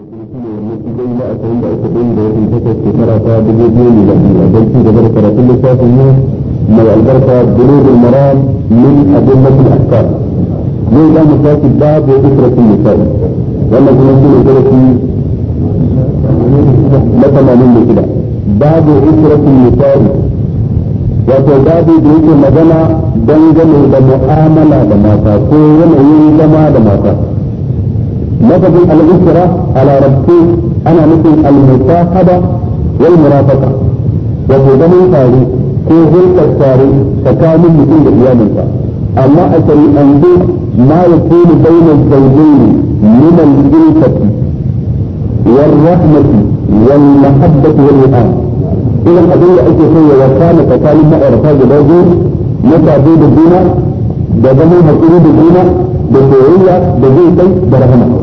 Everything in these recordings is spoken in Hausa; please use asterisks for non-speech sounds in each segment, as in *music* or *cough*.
da ashirin da uku ɗin da watan takwas shekara ta dubu biyu ne da biyu don ci gaba da karatun littafin mu mai albarka bulugul maram min adillatul ahkam yau za mu saki babu israfin misali wannan kuma shi ne darasi na tamanin da shida babu israfin misali wato babu da yake magana dangane da mu'amala da mata ko yanayin zama da mata مثل الأسرة على ربكي أنا مثل المصاحبة والمرافقة وفي دم الفاري في غلق الفاري فكامل مثل اليامنة أما أتري أنزل ما يكون بين الزوجين من الإنفة والرحمة والمحبة والوئام إذا أدل أي شيء وكان تكالب ما أعرفه بالرجل نتعبه بالدينة بدمه مكتوب بالدينة بالدعية بالدينة برهنة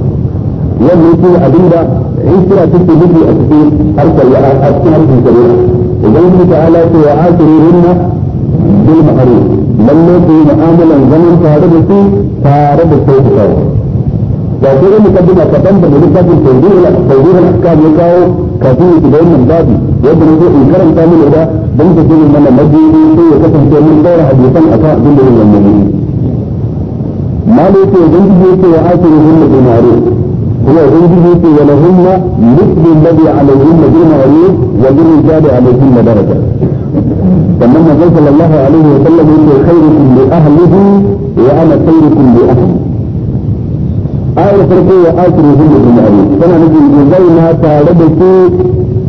wannan shi ne abin da in kira take nufi a cikin harkar ya a cikin harkar shari'a idan kuma ta'ala ce wa asirunna bil ma'ruf lalle ku yi mu'amalan zaman tare da su tare da sai ku kawo da ko in mukaddima kadan da littafin tawdihul tawdihul ahkam ya kawo kafin su da wannan babu yadda ne in karanta mu da dan ta cikin mana madini ko ya kasance mun daura hadisan akan abin da yake wannan ne malai ce dan ji ce wa asirunna bil ma'ruf هو في ولهن مثل الذي عليهن دون غيوب وللرجال عليهن درجه. كما النبي صلى الله عليه وسلم يقول خيركم لاهله وانا خيركم لاهلي. آية فرقية وآخر يهل بالمعروف فأنا نجي يزينا تاردكي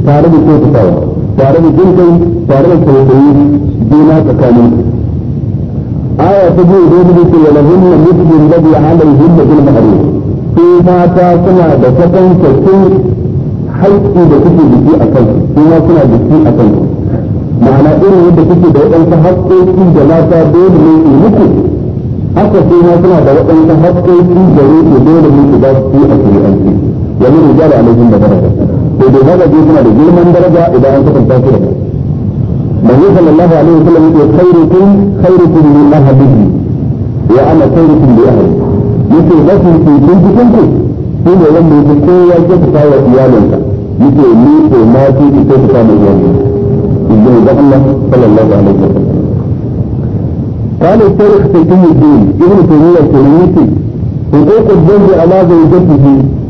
تاردكي تساوى تاردكي تاردكي تاردكي دينا تكامل آية تقول يقول ولهن مثل الذي عليهن المعروف su mata suna da kwatankwacin haƙƙi da kuke da shi a kan su ma suna da shi a kan ma'ana irin yadda kuke da waɗansu haƙƙoƙi da mata dole ne su muku haka su ma suna da waɗansu haƙƙoƙi da yake dole ne su ba su a shari'anci yanzu da jara alaikun da daraja sai dai haka suna da girman daraja idan an kasanta su da manzo sallallahu alaihi wasallam ya khairukum khairukum li ahadihi ya ana khairukum li ahadihi yake mafi cikin cikin ku shi ne wanda yake kowa ya fita wa iyalinsa yake ni ko ma ce ki ko fita mai iyalinsa inda ya Allah sallallahu alaihi wasallam قال الشيخ تيمية الدين ابن تيمية التيميتي حقوق الزوج على زوجته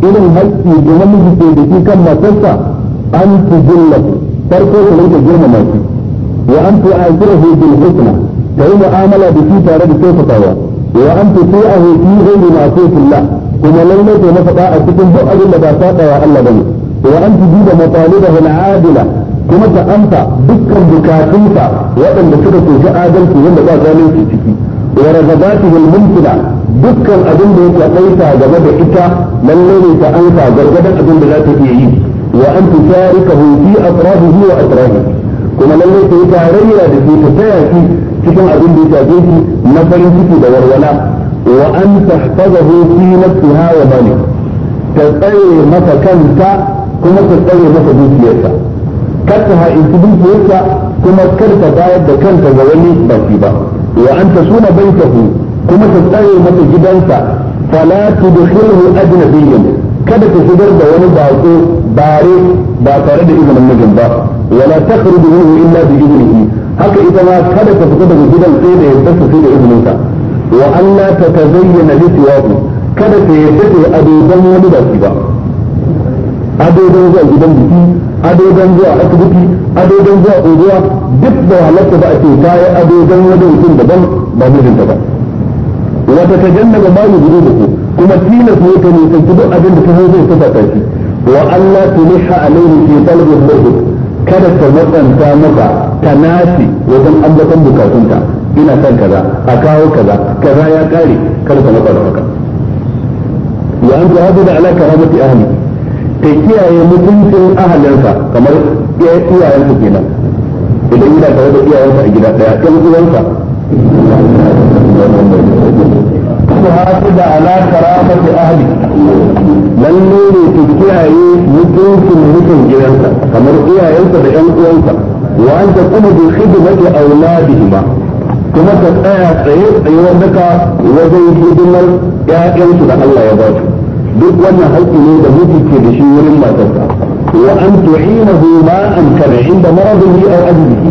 إذا هل جمله سيدتي كما تنسى أن تجلة تركه ليس جرم ماشي وأن تعاشره بالحسنى كي معاملة بشي تارة بكيف طوال wa an tuti'ahu fi masu ma'siyatillah kuma lalle ko na faɗa a cikin duk abin da ba saba wa Allah bane wa an tujiba da al'adila kuma ta amsa dukkan bukatunsa waɗanda suka kunshi adalci wanda ba zalunci ciki wa ragabatihi al-mumkina dukkan abin da yake aita game da ita lalle ne ta amsa gargadan abin da za ta iya yi wa an tusharikahu fi atrafihi wa atrafihi kuma lalle ta yi tarayya da ke ta taya shi cikin abin da ya shafe shi na farin ciki da walwala wa an tahfazahu fi nafsiha wa bani ta tsare masa kanta kuma ta tsare masa dukiyarsa kar ta ha'inci dukiyarsa kuma kar ta bayar da kanta ga wani ba shi ba wa an tasuna baitahu kuma ta tsare masa gidansa fala tudkhilhu ajnabiyyan kada ka shigar da wani bako bare ba tare da izinin mijin ba wala takhruju minhu illa bi idnihi haka ita ma kada ta fita daga gidan sai da yadda ta sai da izinin wa anna ta tazayyana li siwaku kada ta yadda ta ado dan wani da ba ado dan zuwa gidan biki ado dan zuwa asibiti ado dan zuwa unguwa duk da halatta ba a ce ta yi ado dan wani mutum daban ba mijinta ba wata ta jannaba ba mai gudu da ku kuma yake ne ka nisanci duk abin da ta zo zai ta shi wa Allah tuliha alaihi fi talbi al kada ta matsanta maka ta nace wajen ambaton bukatunta ina kan kaza a kawo kaza kaza ya kare kada ka matsa da haka wa an tuhafiza ala karamati ahli ta kiyaye mutuncin ahalinsa kamar iyayensa kenan idan yana tare da iyayensa a gida daya kan uwansa هكذا على كرامة أهلي للي يتكيها يمكن يمكن يمكن جيانتا كما أنت يلتا بأنت وأنت تقوم بخدمة أولادهما كما تتأيى أيها أيوانك وزي جدنا يا أنت الله يا باشو duk وانا هاتي ne da mutum ke da shi wurin matarsa wa an tuhina hu أو أجله.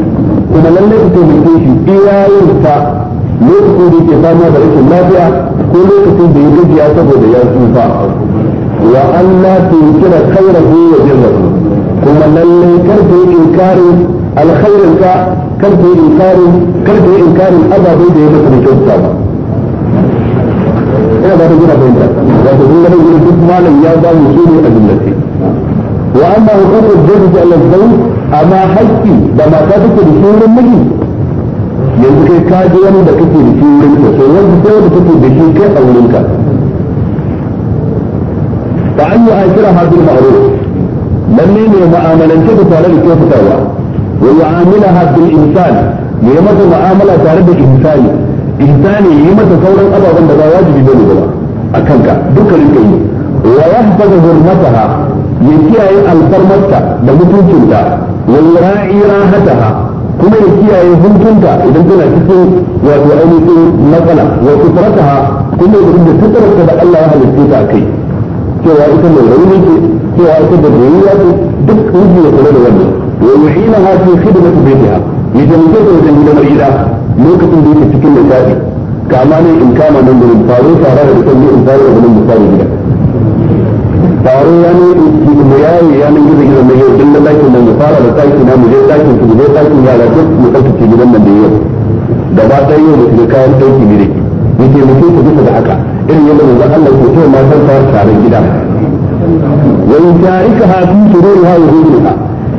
ثم لن maradin yi a ajiyar kuma lokacin da yake samar da rashin lafiya ko lokacin da ya gajiya saboda ya tsufa wa Allah ta kira khairahu wa jirrahu kuma lalle kar ta yi inkarin alkhairin ka kar ta yi inkarin kar ta yi inkarin ababai da ya maka da kyauta ba ina ba ta gina fahimta wato kun ga nan duk malam ya ba mu su ne a jumlace wa amma hukumar jirgin Allah zai amma haƙƙi da mata take da shi wurin miji yanzu kai ka ji wani da kake da shi wurin ka sai wanda sai wanda kake da shi kai a wurin ka fa an yi akira ma'ruf lalle ne mu'amalance da tare da kyautatawa wa yu'amila hadin insan ne masa mu'amala tare da insani insani yi masa sauran ababen da ba wajibi bane ba a kanka dukkanin kai wa yahfazu hurmataha ya kiyaye alfarmarta da mutuncinta wa yura'i rahataha kuma ya kiyaye hukunta idan tana cikin wato ainihin matsala wa ha kuma ya da kusurarta da Allah ya halitta ta kai cewa ita mai rauni ce cewa ita da rayuwa ce duk wuri ya kula da wannan wa yuhina ha fi khidmati baitiha ya jami'a ta wajen gidan rida lokacin da yake cikin nishaɗi kama ne in kama nan gurin faro fara da kan yi in fara da nan misali gida faru wani mu yayi yanin gizo gizo na yau din da dakin nan mu fara da dakin na mu je dakin su mu je dakin yara duk mu tsarkake gidan nan da yau da ba ta yau mu shiga kayan dauki ne dake yake mutum ku duka da haka irin yadda mu zan Allah ko ma san fara taron gida wa in tarika ha fi shururi ha wa hudura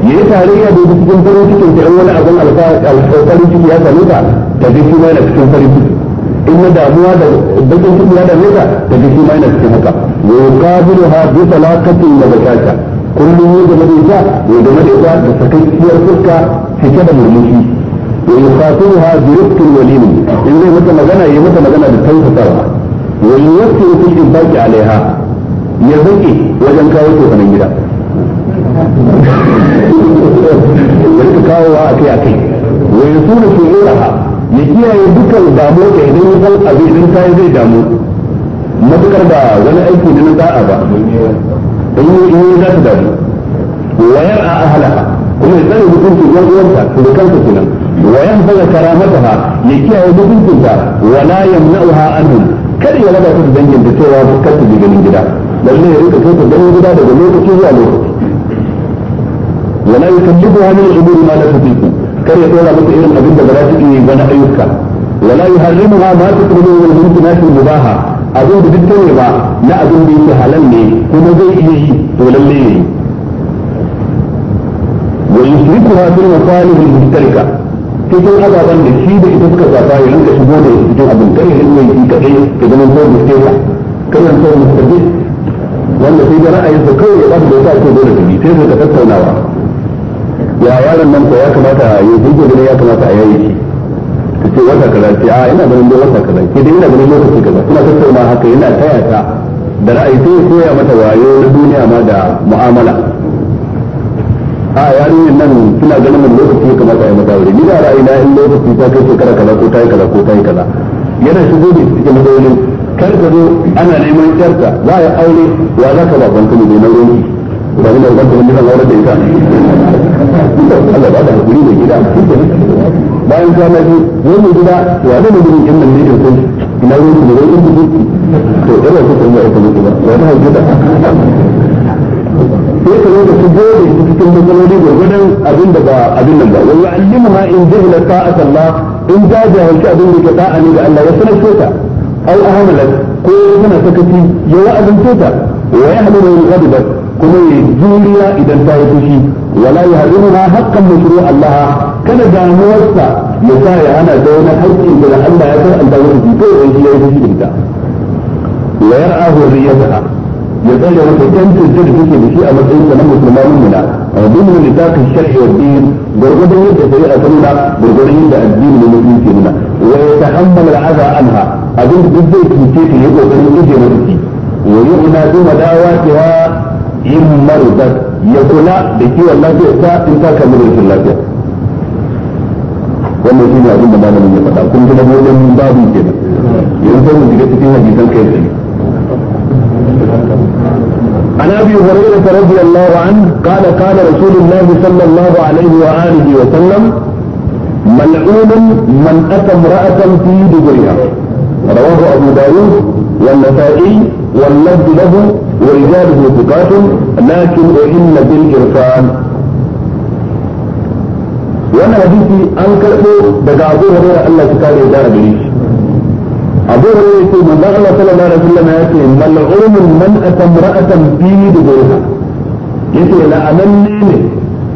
yayi tarayya da cikin farin cikin da wani abin alfa alfa farin ciki ya same ta da dai kuma yana cikin farin ciki in ya damuwa da bakin ciki ya dame ka daga shi ma yana cikin haka wa yuqabilu ha bi talaqatin wa bakata kullum ya game da ita ya game da ita da sakakkiyar fuska cike da murmushi wa yuqatiluha bi rifqin walim in zai mata magana ya yi mata magana da tausasawa wa yuqtilu fi baƙi alaiha ya zaki wajen kawo tsofanin gida ya *laughs* rika kawowa akai akai wa suna fi iraha ya kiyaye dukkan damu da idan ya san abu idan ta yi zai damu matukar ba wani aiki ne na za'a ba in yi za ta damu wayar a ahala kuma ya tsare hukunci ɗan uwanta da kanta kenan wayan faga ha ya kiyaye hukuncinta wala yamna'uha anhum kada ya raba ta dangin da cewa kar ta ganin gida lalle ya rika kai ta ganin gida daga lokaci zuwa lokaci wala yukallifuha min al-umuri ma la tutiqu kar ya dora musu irin abin da ba za su iya yi wani ayyuka wala yuharrimuha ma tuqribu min mumkinati mubaha abin da duk ne ba na abin da yake halal ne kuma zai iya yi to lalle ne wa yusrikuha fil masalih al mushtarika cikin ababen da shi da ita suka zafa ya rinka shigo da cikin abin kar ya rinka yi kadai ka zama ko mustaka kar ya zama mustaqil wanda sai da ra'ayin sa kawai ya ba da yasa ko dole bi sai ka tattaunawa ya yaron nan ko ya kamata a yi duk gida ya kamata a yayi shi ta ce wata kaza ce a ina ganin dole wata kaza ke dai ina ganin lokaci kaza suna ma haka yana taya ta da ra'ayi sai koya mata wayo na duniya ma da mu'amala a yarinyar nan suna ganin mun lokaci ya kamata a yi mata aure ni da ra'ayi na in lokaci ta kai shekara kaza ko ta yi kaza ko ta yi kaza yana shigo da cikin matsalolin kar ka zo ana neman kyarta za a yi aure wa za ka ba ban ne na ruwanki ba ni da ban kuma ne na aure da ita Allah ba da hakuri mai gida bayan kwana biyu wani gida wa da ne gurin inda ne ko na ruwan su ne inda su to irin su kuma ya ba wa ta hakuri da sai ka zo gode su cikin matsaloli gwargwadon abin da ba abin nan ba wallahi allimha in ta ta'at Allah in jajahilci abin da ke da'a ne ga Allah ya sanar ta au ahmalat ko yana sakaci ya wa'azin ta wa ya hadu da ghadibat kuma ya juriya idan ta yi fushi ولا يهدمها حقا مشروعا لها كان داموسا يسعى انا دون حق الى ان لا يدر ان دون في كل ان يجد في الهدى ويرعاه الريتها يسعى يوم كانت الجد في شيء اما سيدنا من مسلمان منا ومنه نطاق الشرع والدين برغبه يتسيء اثرنا برغبه عند الدين المسلمين منا ويتحمل العزى عنها اظن بالذات من شيء يقول ان يجد ويغنى دون داواتها ان مرضت ya kula da kiwon lafiyar ta in ta kamu da rashin lafiya wannan shi ne abin da malamin ya faɗa kun kuma wajen babu kenan yanzu sai mu shiga cikin hadisan kai tsaye عن ابي هريره رضي الله عنه قال قال رسول الله صلى الله عليه واله وسلم ملعون من اتى امراه في دبرها رواه أبو داود والنسائي واللفظ له ورجاله ثقات لكن وإن بالإرفان وانا حديثي أن كربو دقا أبو هريرة الله تكاري دار بريش أبو هريرة من الله صلى الله عليه وسلم يأتي ملعون من أتى امرأة في دبرها يأتي لأمني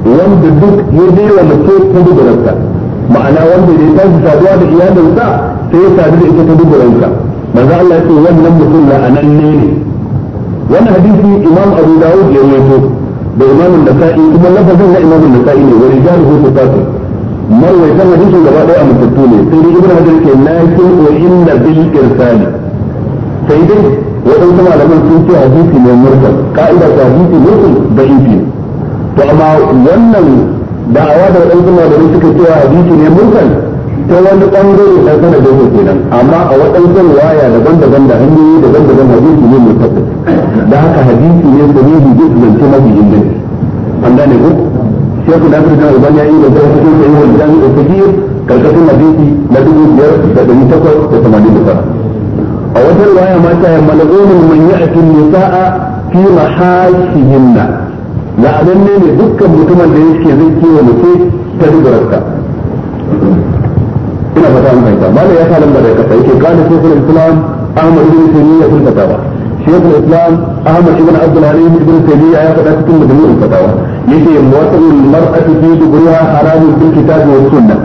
wanda duk ya يدي wa mace في dubararta معناه وانت اللي تنسى saduwa da iyalinsa sai ya sadu da ita ta duburanka manzo Allah ya ce wannan mutum na ananne ne wannan hadisi imam Abu Dawud ya rawaito da imam Nasa'i kuma lafazin na imam Nasa'i ne wani jaruhu sifatu marwaitan hadisin gaba ɗaya a mutattu ne sai dai ibn Hajar ke lakin wa inna bil irsali sai dai waɗansu malaman sun ce hadisi ne mursal ka'ida ta hadisi mursal da ifi to amma wannan da'awa da waɗansu malaman suka ce hadisi ne mursal ta wani ɓangare bangare sana da yake kenan amma a waɗancan waya daban-daban da hanyoyi daban-daban hadisi ne mai tabbata da haka hadisi ne da ne hujji da zance mafi inganci an gane ku shekhu da afirka uban ya yi da zai cikin sayi wani jami'a da biyu karkashin hadisi na dubu biyar da ɗari takwas da tamanin da tara a wata riwaya ma ta yamma na gomin man a ake nisa'a fi na la'adan ne dukkan mutumin da yake zai kiwa mace ta dubararka ina fata an fahimta da ya sa lambar da kasa yake kana shekul islam ahmad ibn taymiya ba fatawa shekul islam ahmad ibn abdul halim ibn taymiya ya faɗa cikin majmu'ul fatawa yace muwatul mar'atu fi dubriha haramun bil kitabi was sunnah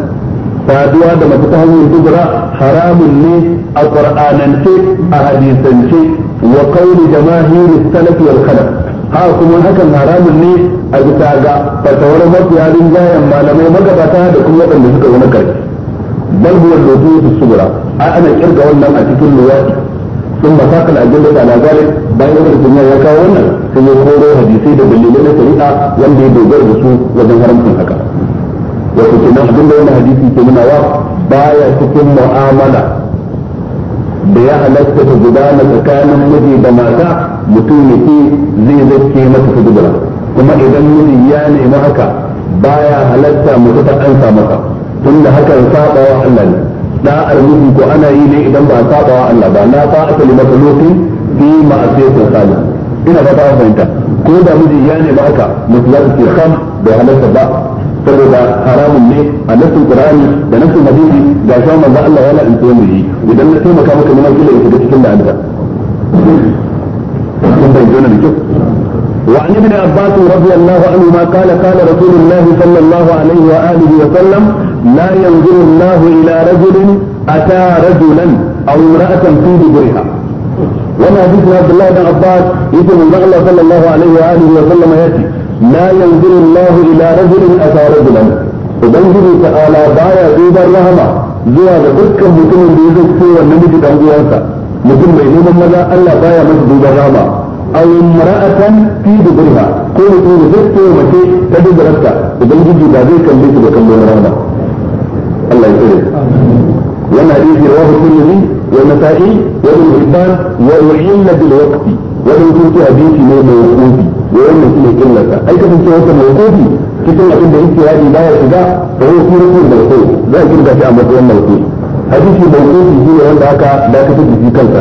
saduwa da mace ta hanyar dubura haramun ne a qur'anance a hadisance wa qawli jamahir salaf wal khalaf ha kuma hakan haramun ne a bisa ga fatawar mafiya rinjayen malamai magabata da kuma waɗanda suka zo na بل هو الوجوه الصغرى أنا إرجع ولا ما تكون لوقت ثم ساق الأجندة على ذلك بين الدنيا يكاونا في يقولوا حديثي ده بالليلة سريعة واللي يدوغر رسول وجنهر من حكا وكتنا أجندة ولا حديثي كمنا وقت بايا تكون معاملة da ya halatta ta gudana tsakanin miji da mata mutum ya ce zai zake mata ta gudana kuma idan miji ya nemi haka baya halatta mutu ta ansa masa tun da hakan saba wa Allah ne da almuhi ko ana yi ne idan ba a saba wa Allah ba na ba asali makhluqin fi ma'siyati khaliq ina ba ta fahimta ko da miji ya ne ba aka mutlaq fi kham da halatta ba saboda haramun ne a nasin qur'ani da nasin hadisi ga shi manzo Allah ya la'anta mu yi idan na taimaka maka neman kila ya shiga cikin la'anta kun bai jona da kyau وعن ابن عباس رضي الله عنهما قال قال رسول الله صلى الله عليه واله وسلم لا ينظر الله إلى رجل أتى رجلا أو امرأة في دبرها وانا حديث عبد الله بن عباس يقول الله صلى الله عليه وآله وسلم يأتي لا ينظر الله إلى رجل أتى رجلا Ubangiji ta'ala baya duban rahama zuwa ga dukkan mutumin da ya zo kowa namiji dan uwansa mutum mai neman maza Allah baya masa duban rahama aw imra'atan fi dubriha ko mutum da zai kowa mace ta dubarta Ubangiji ba zai kalle shi da kallon rahama Allah ya tsare wannan hadisi rawahu tirmidhi wa nasa'i wa ibn hibban wa yuhilla bil waqti wannan kuma hadisi ne mai wuqufi da wannan shine illarsa ai kasance wannan mai wuqufi cikin abin da yake yadi baya shiga da yau kuma rukun da kai za a kirga shi a matsayin mawdu'i hadisi mawdu'i shine wanda aka dakatar da shi kan na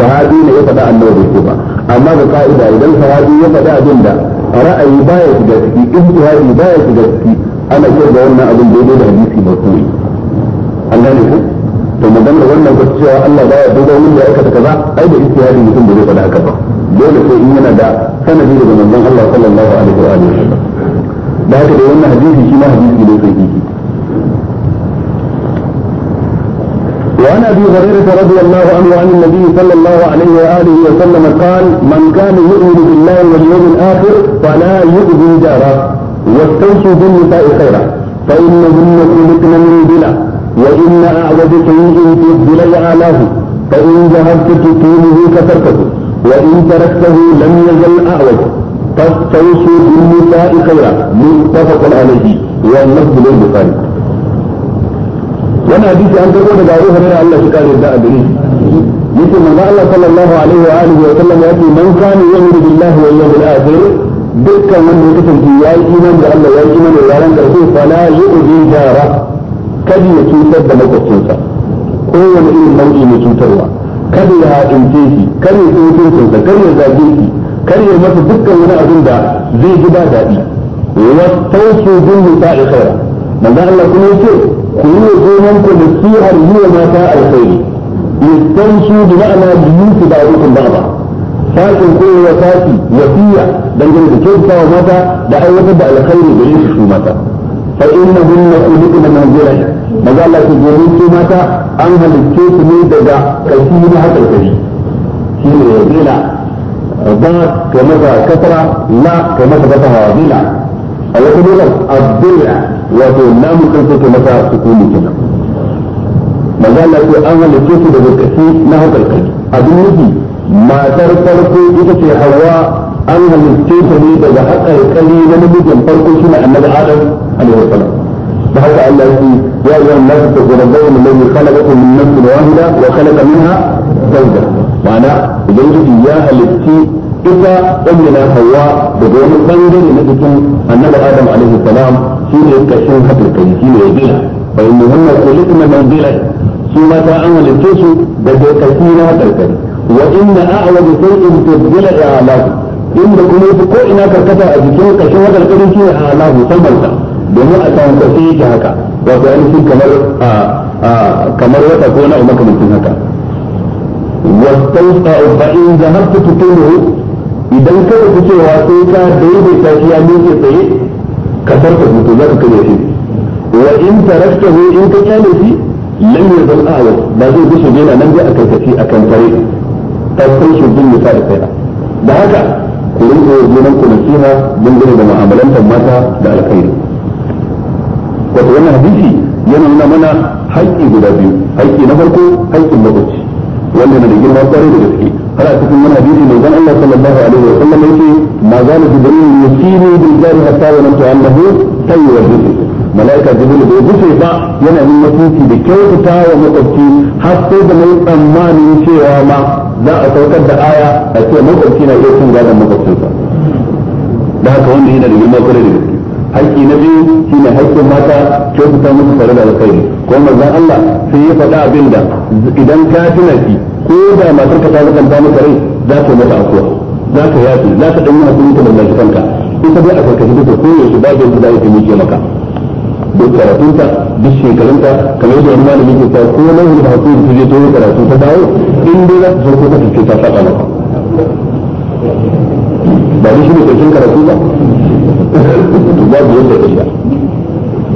sahabi ne ya faɗa annabi bai ba amma da ka'ida idan sahabi ya faɗa abin da ra'ayi baya shiga ciki ijtihadi baya shiga ana iya ga wannan abin daidai da hadisi ba kuma an gane ku to magana wannan ba cewa Allah ba ya duba wani da aka kaza ai da istihadi mutum da zai faɗa haka ba dole sai in yana da sanadi daga manzon Allah sallallahu alaihi wa alihi da haka da wannan hadisi shi ma hadisi ne sai kiki وعن ابي هريره رضي الله عنه وعن النبي صلى الله عليه واله وسلم قال من كان يؤمن بالله واليوم الاخر فلا يؤذي جاره واستوصوا بالنساء خيرا فإنهن خلقن من بلا وإن أعوج شيء في الظل أعلاه فإن ذهبت تقيمه كسرته وإن تركته لم يزل أعوج فاستوصوا بالنساء خيرا متفق عليه واللفظ للبخاري وانا حديث عن تقول لك أبو الله شكال يبدأ بريد مثل من الله صلى الله عليه وآله وسلم يأتي من كان يؤمن بالله واليوم الآخر dukkan wanda ya kasance ya yi iman da Allah ya yi iman da yaran karfe fala yu'zi jara kada ya cutar da makwabcinsa kowane irin nau'i mai cutarwa kada ya haɗince shi kada ya tsohon cinsa kada ya zage shi kada ya masa dukkan wani abin da zai ji ba daɗi wa tawfu bin nisa'i khaira manzo Allah kuma yace ku yi wa gonan ku nasihar yi wa mata alkhairi yastansu bi ma'ana biyuti ba'dukum ba'da sashin ko ya sashi wasiya dangane da kyautawa mata da aiwatar da alkhairi gare su su mata fa innahunna khuliqna min dhilal maza Allah ke gori su mata an halicce su ne daga kashi na hakar kari shine dhila ba ka masa kasra la ka masa fataha dhila a wata dokar abdilla wato lamu kan sai ke masa sukuni kenan maza Allah ke an halicce su daga kashi na hakar kari abin nufi ما ترتركو جدتي حواء أنها مستيسة ليدة لحق الكلي ونبي ينطلقو شنع النبي آدم عليه الصلاة فهذا أن في يا أيها الناس اتقوا ربكم الذي خلقكم من نفس واحدة وخلق منها زوجة معنى زوجة إياها التي إذا أمنا حواء بدون بندر نبي النبي آدم عليه السلام شنع الكشن حق الكلي شنع يبيها فإنهن كلتنا منزلة سوما تاعنا للتوسو بدأ كثيرا تلتري وإن أعوج شيء في الضلع أعلاه إن كما يفكو إنا كركتا أجيكين كشوة القدم أعلاه سمبلتا domin a samu kwafi yake haka wato ainihin kamar kamar wata ko na umar kamar haka wastausa fa in zahabtu tutunu idan ka ku cewa ka daidaita shi ya miƙe tsaye ka farka hutu za ka kare shi wa in taraktahu in ka ba zai gushe yana nan dai a karkashi akan ɗaukar shi jin nisa da kaina da haka ku rinka yi junan ku nasiha dangane da mu'amalantar mata da alkhairi wato wannan hadisi yana nuna mana haƙƙi guda biyu haƙƙi na farko haƙƙin makwabci wanda na da girma kwarai da gaske har a cikin wani hadisi mai zan Allah sallallahu alaihi wa sallam yake ma za mu jibril yusini bil jari hatta wa nan ta'allahu tayyibul rizqi malaika jibril bai gushe ba yana nuna mutunci da kyautata wa makwabci har sai da mai tsammanin cewa ma za a saukar da aya a ce makwabci na iya cin gadon makwabcinsa da haka wanda yana da girma kwarai da gaske haƙƙi na biyu shine haƙƙin mata kyautata musu tare da alkhairi ko manzon Allah sai ya faɗa abin da idan ka tuna shi ko da matar ka ta zakanta maka rai za ka mata akuwa za ka yafi za ka ɗan yi hakuri da lallashi kanka ita dai a karkashin duka ko yaushe babu yadda za ta yi maka duk karatunta duk shekarunta kamar yadda wani malami ke ta ko nan da hakuri ta je ta yi karatu ta dawo in dai za ta zo ta tafi ta saka maka ba ni shi ne karshen karatu ba to ba da yadda ya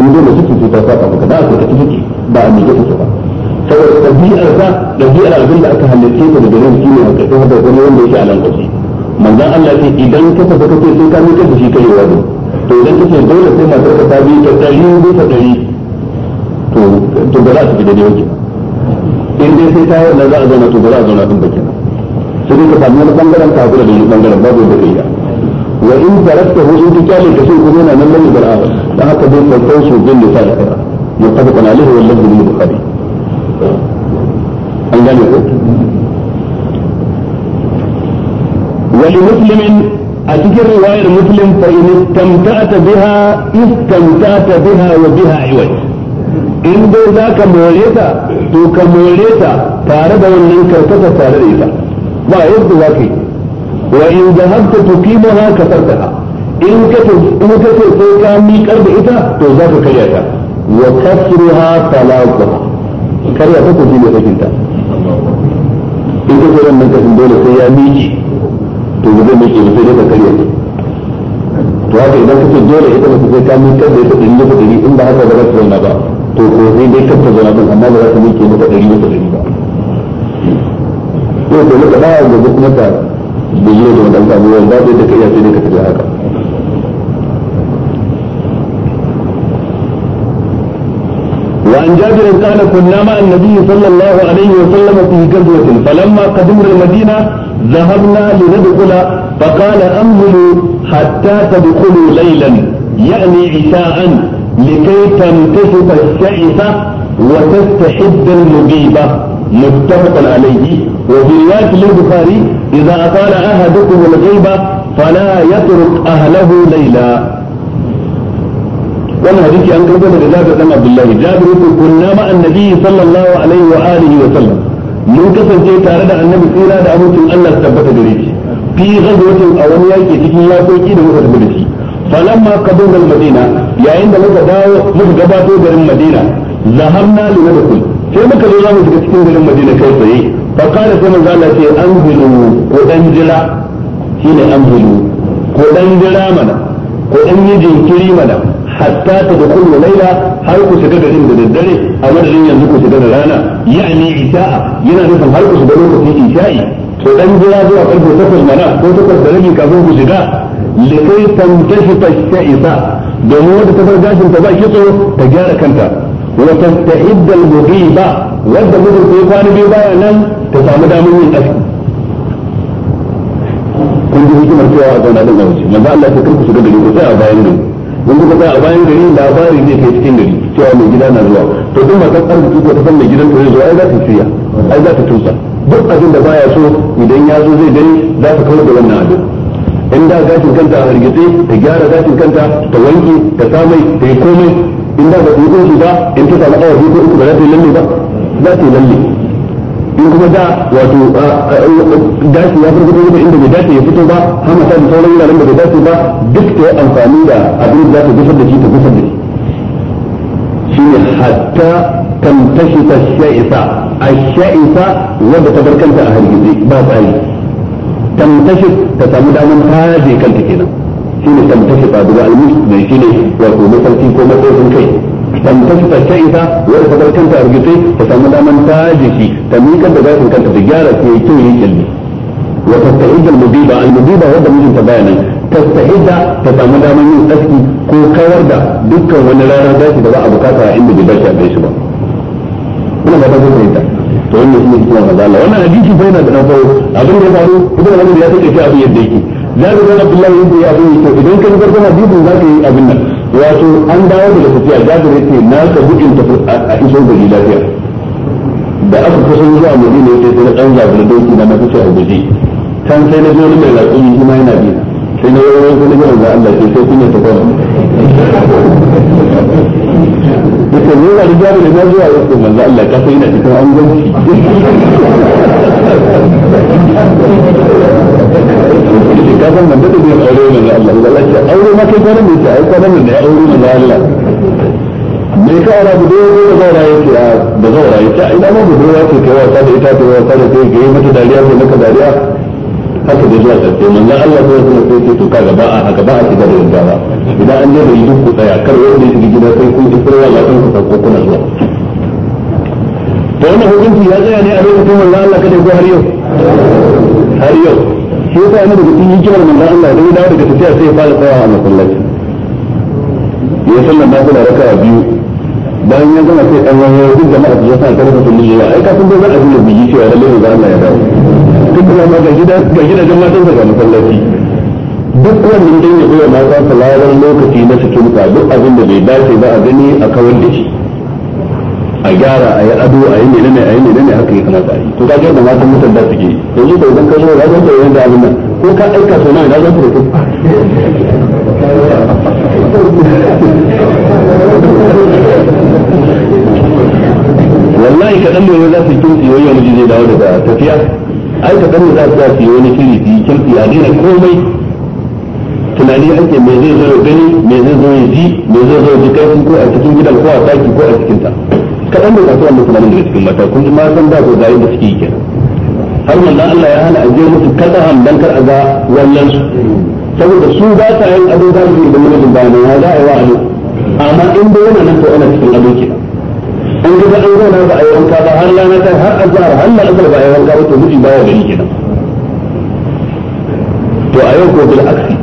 in dai mace ce ta saka maka da aka tafi take ba a miƙe ta ba saboda ɗabi'ar sa ɗabi'ar abin da aka halarce ta daga garin shi ne a ƙarƙashin da wani wanda yake a nan ƙarshe manzan Allah ce idan ka tafi ka ce sai ka miƙe da shi kai wajen. to idan kace dole sai matar ka ta bi ta dari bisa dari to to ba za ta fi daidai wajen in dai sai ta wannan za a zauna to ba za a zauna din ba sai dai ka samu wani bangaren ka hakura da wani bangaren babu da kai wa in tarakta hu in tikali ka sai kuma nan lalle bar'a dan haka dai farkon su bin da sai ka mutafaqan alaihi wal ladhi min bukhari an gane ko wa li muslimin a cikin riwayar muslim fa in istamta'ta biha istamta'ta biha wa biha iwaj in dai za ka more ta to ka more ta tare da wannan karkata tare da ita ba yadda za ka yi wa in zahabta tuqimaha kafartaha in ka in ka ce sai ka miƙar da ita to za ka karya ta wa kasruha talaquha karya ta ko ne sakinta in ka ce wannan kasin dole sai ya miƙe to zubin da ke da sai ka karya ta to haka idan kace dole ita ba sai ka mikar da ita ɗari da ɗari in ba haka ba za ta zauna ba to ko sai dai ka zauna din amma ba za ta mike maka ɗari da ɗari ba to da lokaci ba gobe kuma ta bijiro da wannan abubuwan ba zai da karya sai dai ka tafi haka وعن جابر قال كنا مع النبي صلى الله عليه وسلم في غزوة فلما قدمنا المدينة ذهبنا لندخل فقال أملوا حتى تدخلوا ليلا يعني عشاء لكي تنتفض الشعث وتستحد المبيبة متفق عليه وفي رواية للبخاري إذا أطال أحدكم الغيبة فلا يترك أهله ليلا wannan hadisi an karbo عبد الله dan كنا مع النبي صلى الله عليه وآله وسلم mun kasance tare da annabi tsira da abokin Allah su tabbata gare shi fi ghazwatin a wani yaki cikin yakoki da muka tafi da shi falamma kabin da madina yayin da muka dawo muka gabato garin madina zahamna li nadkhul sai muka zo zamu shiga cikin garin madina kai tsaye fa da sai manzo Allah ce anzilu ko dan jira shine anzilu ko dan jira mana ko dan yi jinkiri mana hatta ta da kullu laila har ku shiga garin da daddare a madadin yanzu ku shiga da rana yani isha'a yana nufin har ku shiga lokacin isha'i to dan jira zuwa karfe takwas mana ko takwas da rabi kafin ku shiga likai tantashifa sha'isa domin wanda ta bar gashin ta ba kitso ta gyara kanta wa tasta'idda al-mughiba wanda mutum ko kwana biyu baya nan ta samu damar yin aski kun ji hikimar cewa a zauna din a waje manzo Allah ya kanku shiga gari ku tsaya a bayan gari in kuka tsaya a bayan gari labari zai kai cikin gari cewa mai gida na zuwa to duk matan arziki ko ta san mai gidan zai zo ai za ta tuya ai za ta tusa duk abin da baya so idan ya zo zai gani za ta kawar da wannan abin in da gashin kanta a hargitse ta gyara gashin kanta ta wanke ta samai ta yi komai in da ba ta su ba in ta samu awa ko uku ba za ta yi lalle ba za ta yi lalle in kuma da wato dace ya farko da inda bai dace ya fito ba hamata da sauran wuraren da bai dace ba duk ta yi amfani da abin da za ta gusar da shi ta gusar da shi shine hatta tamtashita sha'isa a shaisa wanda ta bar kanta a hargitse ba tsari tamtashit ta samu daman taje kanta kenan shine tamtashita daga al-mus ne shine wato mafarki ko mafarkin kai ta sha'isa wanda ta bar kanta a hargitse ta samu daman taje shi ta miƙar da zafin kanta da gyara ko yi kyau ya kyalli wa tatta'id al-mudiba al-mudiba wanda mijinta bayanan tastahidda ta samu daman yin aski ko kawar da dukkan wani rana gashi da ba a bukata inda bai dace a gaishe ba ina ba ta zai fahimta to wannan shi ne kuma maza Allah wannan hadisi fa yana da dan fawo abin da ya faru ibn Umar ya take shi abin yadda yake Jabir bin Abdullah yake yi abin yake idan kan farko hadisin za ka yi abin nan wato an dawo da tafiya Jabir yake na ka bukin ta a iso gari lafiya da aka kusan zuwa Madina yake sai na dan zabi doki na na fice a guje kan sai na zo mai raƙumi kuma yana bi sai na yi wani kudin yanzu Allah sai sai sun ta kwana yake ne na da jami'in na zuwa ya ce manzo Allah ka sai na cikin an gani ka san manzo da bai aure manzo Allah da Allah ce aure ma kai kwanan ne ce ai ne ya aure manzo Allah mai ka ara da dole da zaura yake a da zaura yake ina ma da dole yake kai wasa da ita ta wasa da ga mata dariya ko maka dariya haka da zuwa ƙarshe manzan Allah ne wasu sai ce to kaga ba a haka ba a shiga da yadda ba idan an je da yi ku tsaya kar wanda yake gida sai kun ji kowa ya san ku ko kuna zuwa to wannan hukunci ya tsaya ne a lokacin manzan Allah kada ko har yau har yau shi yasa ne daga cikin hikimar manzan Allah da dawo daga tafiya sai ya fara tsayawa a masallaci ya sallan na kula raka'a biyu bayan ya gama sai dan wani duk da ma'a ya sa ka rubuta yi wa aika sun dozar abin da biji cewa da lemu Allah ya dawo duk da ma ga gidajen matan daga masallaci duk wannan dan ya koya mata salawar lokaci na cikin ka duk abin da bai dace ba a gani a kawar da shi a gyara a yi ado a yi menene a yi menene haka ya kamata a yi to ga da matan mutan da suke yanzu ko idan ka ga da abin nan ko ka aika sau nawa na za ku rufe wallahi kaɗan ne za su kimfi wani wani zai dawo daga tafiya ai kaɗan ne za su za su yi wani shiri su yi kimfi a daina komai tunani ake me zai zo gani me zai zo ji me zai zo ji kai ko a cikin gidan ko a daki ko a cikin ta kaɗan ne za su wannan cikin mata kun ma san ba ko da yadda suke yi kenan har manzon Allah ya hana ajiye musu kada handan kar ga wannan su saboda su ba ta yin abin da su da mulkin ba ne ya za a yi wa ado amma in dai yana nan to ana cikin ado ke an ga an zauna ba a yi wanka ba har lana ta har azhar har lana ba a yi wanka ba to miji ba ya gani kenan to a yau ko bil aksi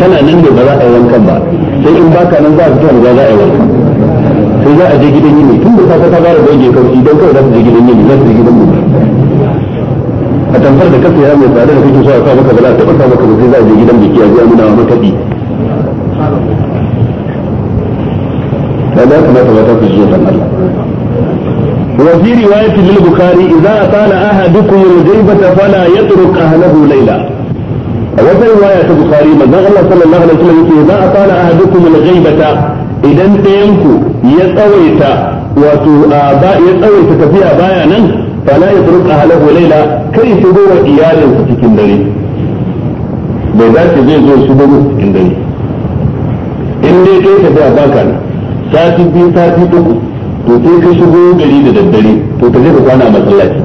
kana nan ne ba za a yi wankan ba sai in baka nan za a fito ba za a yi wankan sai za a je gidan yini tun da safe ta fara goge kauci don kawai za su je gidan yini za su je gidan mu a tamfar da kasa ya mai tsada da kake so a sa maka bala ta fasa maka sai za a je gidan biki a je amina wa makaɗi ta da kamata mata su ji san Allah وفي رواية للبخاري إذا أطال أحدكم الغيبة فلا يترك أهله ليلا وفي رواية البخاري من الله صلى الله عليه وسلم إذا أطال أحدكم الغيبة idan dayanku ya tsawaita wato ya tsawaita tafiya baya nan fala ya turka halahu laila kai shigo wa su cikin dare bai za ki zai zo shigo musu cikin dare in dai kai ba baka nan sati biyu sati uku to sai ka shigo gari da daddare to ka je ka kwana a masallaci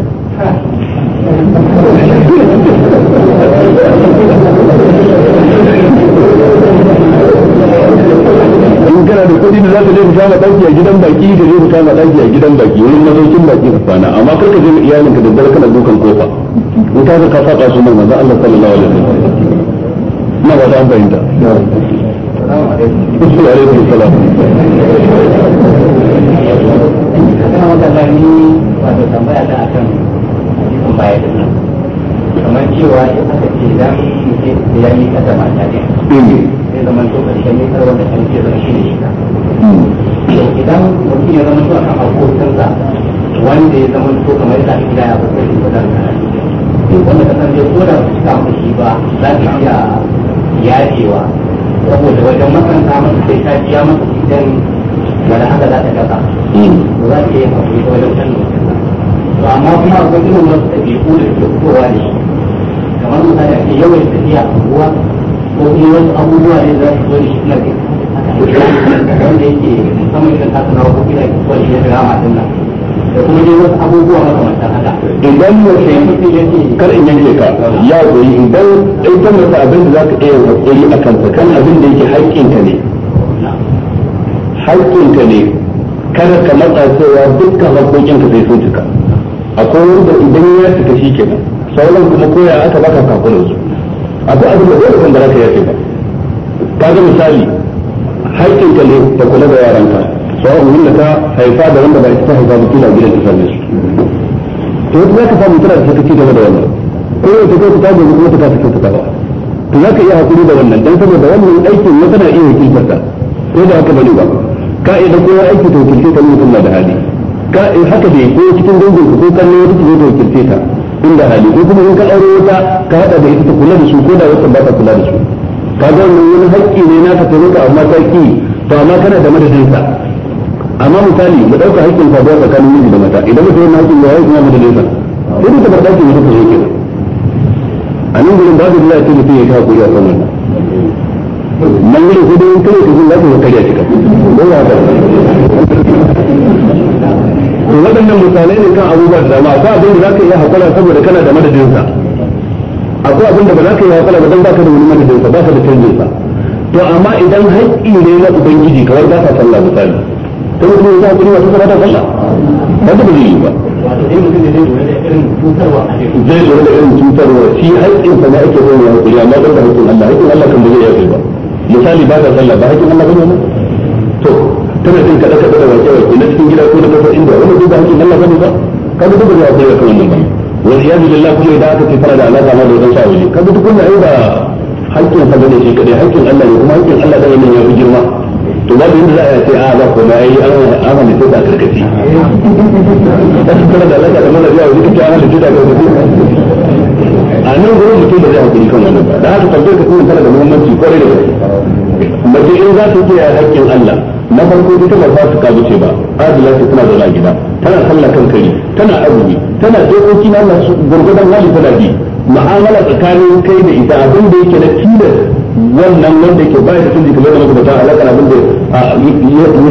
*laughs* in kana da kuɗi da za ka je ka kama ɗaki a gidan baki ka je ka kama ɗaki a gidan baki wurin mazaukin baki ka kwana amma kar ka je iyalinka da dare kana dukan kofa in ka ga ka saba su nan manzo Allah sallallahu alaihi wasallam na ba ta fahimta Assalamu alaikum. Assalamu alaikum. Assalamu alaikum. kamar cewa in aka ce idan mutum ya yi kasa mata ne mm. sai zaman to karshen ne tarwar da kan ce zama shi ne shika mm. idan mutum ya zama to a kan wanda ya zama to kamar ya tafi gida ya bakwai da zan karatu wanda kasance ko da su samu shi ba za su iya yajewa saboda wajen makanta masa sai ta biya masa idan wani haka za ta gaba mm. za ta iya hakuri wajen kan to amma kuma akwai irin wasu ɗabi'u da suke fitowa da shi kamar misali ake yawan tafiya a ruwa ko kuma wasu abubuwa ne za su zo da shi suna ke wanda yake musamman irin tasu rawa ko kira kisuwa shi ya shiga matan nan da kuma dai wasu abubuwa makamantan haka idan mutum kar in yanke ka ya goyi idan ɗaukar masa abin da za ka iya hakuri a kansa kan abin da yake haƙƙinka ne haƙƙinka ne kada ka matsa cewa dukkan haƙƙoƙinka sai sun cika akwai wanda idan ya fita shi kenan sauran kuma koya aka baka kafinan su akwai abin da dole kan ba za ka yafe ba ka ga misali ka ne ba kula da yaranka sauran da ka haifa da wanda ba ita ta haifa mutum a gidan ta same su to yadda za ka samu tana da sakaci game da wannan ko yau ta kai ta gobe kuma ta kasa kyautata ba to za ka iya hakuri da wannan dan saboda wannan aikin na tana iya wakiltarta ko da haka bane ba ka iya da kowa aiki ta wakilce ka mutum na da hali ka in haka bai ko cikin dangin ko kallo wata ta zo ta wakilce ta inda hali ko kuma in ka aure wata ka hada da ita ta kula da su ko da wata ba ta kula da su ka ga wannan wani haƙƙi ne naka ta maka amma ta ki to amma kana da madadin sa amma misali mu dauka haƙƙin ka da tsakanin miji da mata idan mutum yana haƙƙin yayi kuma madadin sa sai ta bar dakin mutum ta zo kenan a nan gurin babu da ce mutum ya ta hakuri a kan wannan nan gurin ko kai ka zo za ka karya cika ko ya ka to waɗannan misalai ne kan abubuwa da dama akwai abin da za ka iya haƙura saboda kana da madadinsa akwai abin da ba za ka iya haƙura ba don baka da wani madadinsa ba ka da canjinsa to amma idan haƙƙi ne na ubangiji kawai ba ka sallah misali ta mutum ya haƙuri wasu sallah ta sallah ba ta yi ba zai lura da irin cutarwa shi haƙƙinsa na ake zai ya haƙuri amma ɗaukar haƙƙin Allah haƙƙin Allah kan ba zai yaƙi ba misali ba ka sallah ba haƙƙin Allah ba ne to tana jin kaɗa kaɗa da wake wake na cikin gida ko na kasar inda wani duk Allah bane ba kaga duk da akwai kan wannan ba wa iyadu billah kuma idan aka ce da alaka ma da wajen sa waje kaga duk wannan ba hakkin sa bane shi kadai hakkin Allah ne kuma hakkin Allah da ne ya fi girma to babu yadda za a ce ah, a ba ko mai an an ne ta karkashi ta shi da alaka da mana biya wani kike an ta karkashi a nan gurin mutum da zai hakuri kan wannan da haka tambayar kuma tana da muhimmanci kwarai da gaske mace in za ta hakkin Allah na farko ita ba za su kaji ce ba adila ce tana zaune a gida tana sallah kan kari tana azumi tana dokoki na Allah gurgudan wani tana bi ma'amala tsakanin kai da ita abin da yake na tilas wannan wanda yake ba ya cikin jikin wanda muka bata alaƙar abin da ta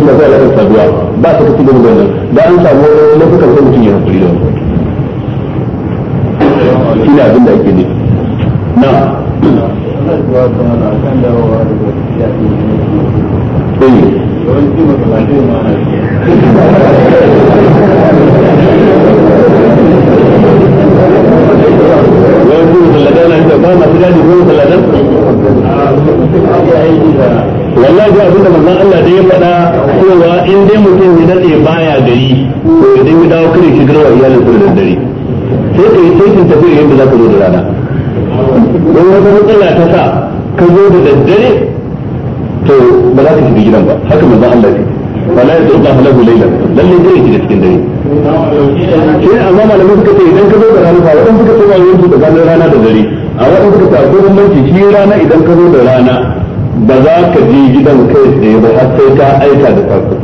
shafi alaƙar saduwa ba ta cikin gaba wannan da an samu wani lokacin da mutum ya hakuri da wani shi ne abin da ake ne na Thank you. wallahi ga abinda manzon Allah da ya faɗa cewa in dai mutum ya dade baya gari to idan ya dawo kare shi garwa iyalin su da daddare sai ka yi taikin tafiya yadda za ka zo da rana don wata matsala ta sa ka zo da daddare to ba za ka shiga gidan ba haka manzo Allah halahu lalle zai shiga cikin dare sai amma malamin suka ce idan ka zo da rana wadan suka ce ba yanzu da ganin rana da dare a wadan suka shi rana idan ka zo da rana ba za ka je gidan kai tsaye ba har sai ka aika da farko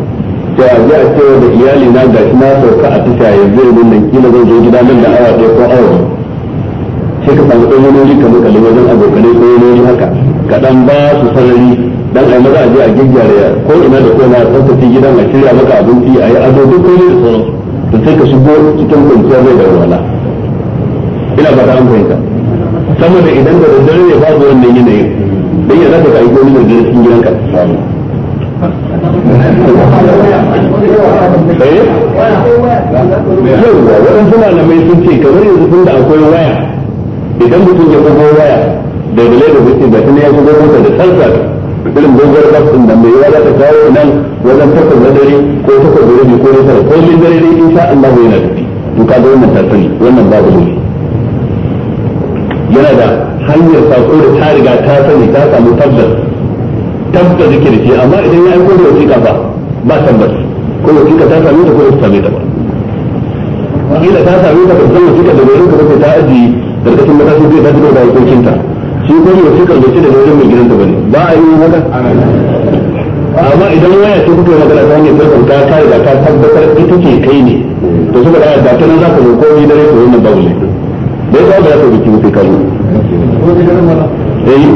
sai a cewa da iyali na gashi na sauka a tasha nan kila zan zo gida nan da awa ɗaya ko awa sai ka samu ɗan wani wuri wajen abokanai ko wani haka kaɗan ba su sarari dan ai maza a je a ko ina da kowa a tsaftace gidan a shirya maka abinci a yi ado duk komai da sauransu to sai ka shigo cikin kwanciyar rai da wala ina ba ta an fahimta saboda idan da daddare ne zuwan wannan yanayin dan ya zaka ka aiko da cikin gidan ka eh? waɗansu malamai sun ce kamar yanzu tun da akwai waya idan mutum ya kogo waya da dalilin da mutum da tun ya shigo mota da sarsa irin dogon bas din nan mai yawa ta kawo nan wajen takwas na dare ko takwas da rabi ko nasara ko min dare dai insha Allah yana tafi to ka ga wannan tafi wannan babu ne yana da hanyar sako da ta riga ta sani ta samu tabbas tabbas da kirki amma idan ya aiko da wasiƙa ba ba tabbas ko wasiƙa ta sami ta ko ta same ta ba kila ta same ta ba ta wasiƙa da wurin ka ta ajiye karkashin matashi zai ta da hukuncinta shi kuma yau suka gaci da wajen mai da bane ba a yi haka amma idan waya ce kuka yi magana ta hanyar sarkar ta ta da ta tabbatar ita ce kai ne to suka da da ta nan za ka zo komai dare to wannan babu ne dai ba da ka biki sai ka zo eh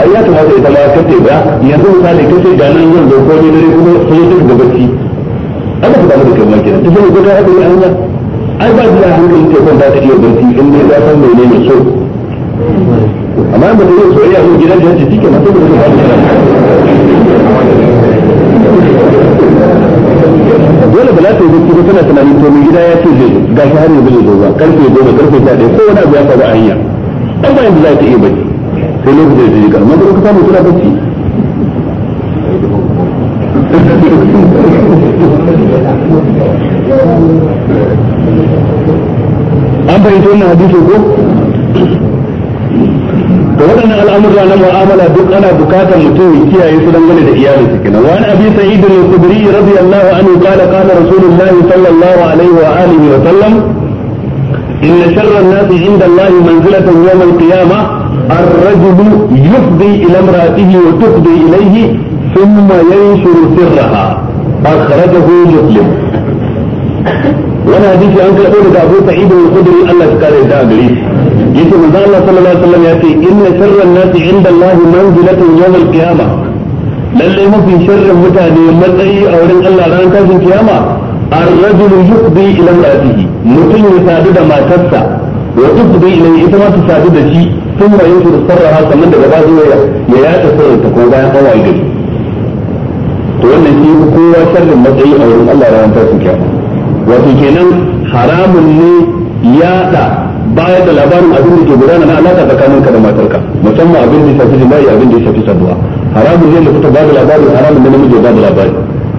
ai ya kamata ita ma ka ce ba yanzu misali ka ce da nan yanzu komai dare kuma sai ya tafi da bacci aka fi da kai ma kenan ta sai ko ta ya yi an ai ba biya hankali ta kan ta iya barci in dai za san menene so amma ba zai soyayya ko gidan da yake cike masu da su dole ba za ta yi ba tana tunani to mai gida ya ce zai ga shi har yanzu ne zo ba karfe goma karfe sha ɗaya ko wani abu ya faru a hanya dan ba yanzu za ta iya barci sai lokacin da zai ji karama da ka samu suna barci an fahimci wannan hadisi ko da waɗannan al'amurra na mu'amala duk ana bukatar mutum ya kiyaye su dangane da iyalin su kenan wani abi sa'id al-khudri radiyallahu anhu qala qala rasulullahi sallallahu alaihi wa alihi wa sallam إن شر الناس عند الله منزلة يوم القيامة الرجل يفضي إلى امرأته وتفضي إليه ثم ينشر سرها أخرجه مسلم وانا حديث أن إذا أبو سعيد الخدري الله تعالى يدعى يقول من الله صلى الله عليه وسلم يأتي إن شر الناس عند الله منزلة يوم القيامة للي في شر متاني مدعي أو رن الله ران كاس القيامة الرجل يقضي إلى امرأته متن يساعد ما تبسى وتقضي إليه إذا ما تساعد شيء ثم ينشر سرها فمن دقباته ويأتي سر التقوى بها قوائده to wannan shi kowa sharrin matsayi a wurin Allah ranar tashin kiyama wato kenan haramun ne yada baya da labarin abin da ke gudana na alaka tsakanin ka da matarka musamman abin da ya shafi jima'i abin da ya shafi saduwa haramun ne da fita ba da labarin haramun ne namiji ba da labarin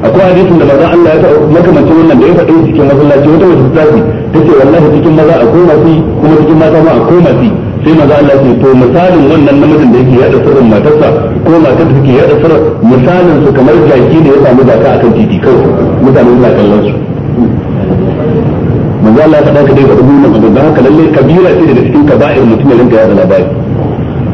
akwai hadisin da maza Allah ya taɓa makamancin wannan da ya faɗi cikin masallaci wata mace ta ce wallahi cikin maza akwai masu kuma cikin mata ma akwai masi sai maza Allah ce to misalin wannan namijin da yake yada sirrin matarsa ko matar da take yada sirrin misalin su kamar jaki da ya samu zaka akan titi kawai mutane suna kallon su maza Allah faɗa dauka dai ga dubu abu da haka lalle kabira ce daga cikin kaba'ir mutum ya rinka yada labari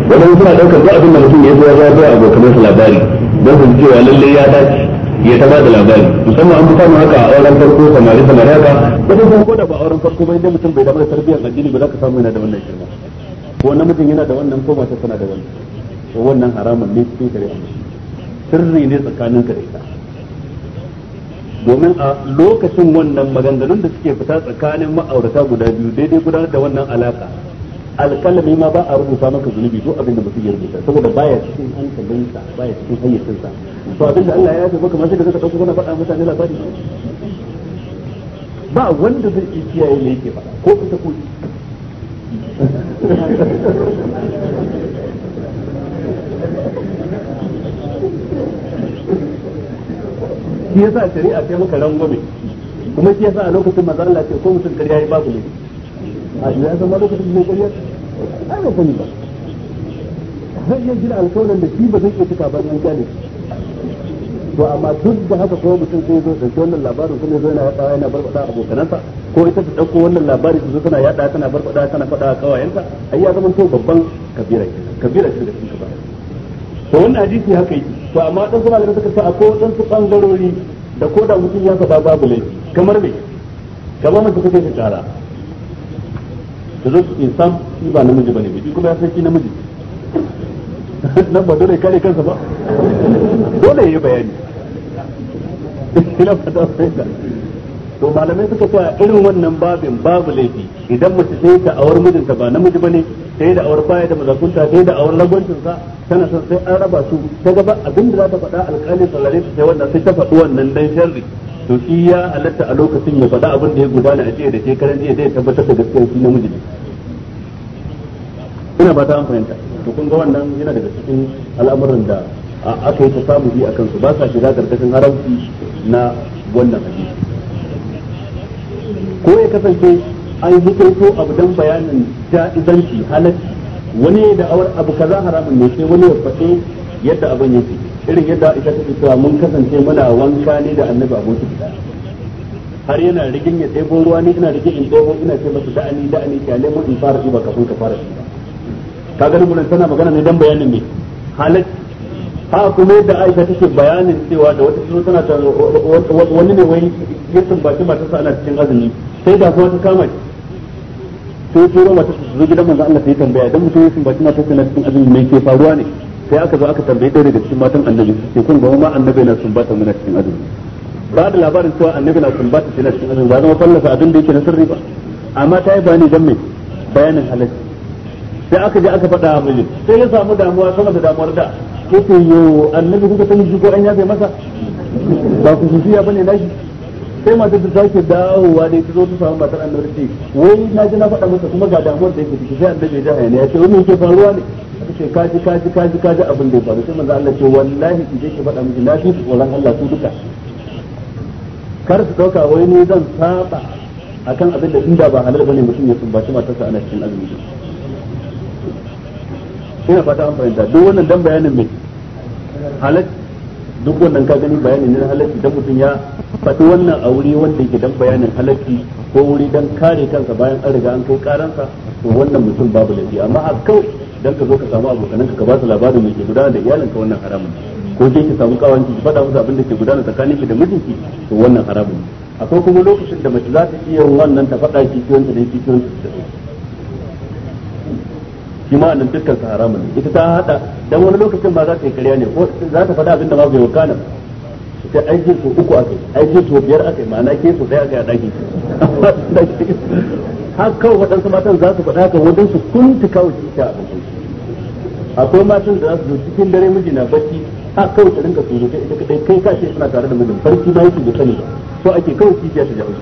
wannan suna daukar duk abin da mutum ya zo ya zo abokan sa labari don su cewa lalle ya dace ya ta bada labari musamman an fi samun haka a auren farko samari samari haka wani ko da ba auren farko ba inda mutum bai da mana tarbiyyar addini ba za ka samu yana da wannan shirma ko namijin yana da wannan ko mace tana da wannan to wannan haramun ne cikin shari'a sirri ne tsakanin ka da ita domin a lokacin wannan maganganun da suke fita tsakanin ma'aurata guda biyu daidai gudanar da wannan alaka alkalami ma ba a rubuta maka zunubi ko abin da mutum ya rubuta saboda baya cikin hankalinsa baya cikin hayyacinsa to abin da Allah ya yafe maka ma sai ka saka kana faɗa mutane labari ba wanda zai kiyaye ne yake faɗa ko ta ko shi yasa shari'a sai muka rangwame kuma shi yasa a lokacin manzon Allah ce ko mutum kariya ya babu ne a shi ya ma lokacin mai kariya ai ba sani ba har iya jira alƙawarin da shi ba zai iya cika ba nan gane to amma duk da haka ko mutum sai zo da wannan labarin kuma zai yana ya yana barbada abokanansa ko ita ta dauko wannan labari su zo tana yada tana barfada tana fada a kawayenta ai ya zama to babban kabira kabira ce da cikin kabira to wannan hadisi haka yi to amma dan suna da suka ce akwai su bangarori da ko da mutum ya faɗa babu laifi kamar me kamar mutum kake ta kara da zo su insan shi ba namiji bane biki kuma ya sai namiji *laughs* nan ba dole kare kansa ba *laughs* dole yayi bayani *laughs* ina sai to malamai suka ce a irin wannan babin babu laifi idan mace sai da awar mijinta ba namiji bane sai da awar baya da mazakunta sai da awar lagwancin sa tana son sai an raba su ta gaba abin da za ta faɗa alƙalin sallare ta sai wannan sai ta faɗi wannan dan sharri to shi ya halatta a lokacin ya faɗa abin da ya gudana a jiya da shekaran jiya zai tabbatar da gaskiyar shi namiji ne ina ba ta an fahimta to kun ga wannan yana daga cikin al'amuran da aka yi ta samu bi a kansu ba sa shiga karkashin haramci na wannan hadisi ko ya kasance an hikaito abu dan bayanin ja'izanci halatti wani da awar abu kaza haramun ne sai wani ya faɗi yadda abin yake irin yadda a ta ce cewa mun kasance muna wanka ne da annabi abokin fita har yana rigin ya ɗebo ruwa ne ina rigin in ɗebo ina ce masa da'ani da'ani kyale mun in fara ba kafin ka fara shi ba ka ganin tana magana ne dan bayanin ne halatti ha kuma yadda Aisha take bayanin cewa da wata zo tana ta wani ne wai ya tumbaci matarsa ana cikin azumi sai da kuma ta kama sai turo mata su zo gidan manzo Allah sai tambaya dan mutum ya tumbaci matarsa ana cikin azumi me ke faruwa ne sai aka zo aka tambaye ɗaya daga cikin matan annabi sai kun ga ma annabi na sumbata mana cikin azumi ba da labarin cewa annabi na sumbata shi na cikin azumi ba zama fallasa abin da yake na sirri ba amma ta yi bani dan me bayanin halacci sai aka je aka faɗa a mijin sai ya samu damuwa sama da damuwar da sai ce yo annabi kuka sani shi ko an yafe masa ba ku ya bane na shi sai matar ta sake dawowa dai ta zo ta samu matar annabi ce wai na ji na faɗa masa kuma ga damuwar da yake ciki sai annabi ya ji hayaniya ya ce wani yake faruwa ne aka ce kaji kaji kaji kaji abin da ya faru sai manzo Allah ce wallahi ki je ki faɗa miki na fi tsoron Allah su duka kar su dauka wai ne zan saba akan abin da inda ba halal bane mutum ya sumbaci matarsa ana cikin azumi ina fata an fahimta duk wannan dan bayanin mai halal duk wannan ka gani bayanin na halatti idan mutum ya fadi wannan a wuri wanda yake dan bayanin halatti ko wuri dan kare kansa bayan an riga an kai karansa to wannan mutum babu laifi amma a kai dan ka zo ka samu abokananka ka ba su labarin da ke gudana da ka wannan haramun ko je ki samu kawanci ki faɗa musu abin da ke gudana tsakanin ki da mijinki to wannan haramun akwai kuma lokacin da mace za ta iya wannan ta faɗa ki kiwon ta da ki kiwon ta shi ma nan dukkan haramun ita ta hada dan wani lokacin ba za ta yi kariya ne ko za ta faɗa abin da ba bai wakana ta aiki su uku aka aiki su biyar akai ma'ana ke su ɗaya akai a ɗaki har kawai waɗansu matan za su faɗa ka wajen su kun ta kawo ta akwai matan da za su zo cikin dare miji na barci har kawai ta rinka su zo ita kadai kai kashe suna tare da mijin barci ba yake da ne so ake kawai kijiya ta jawo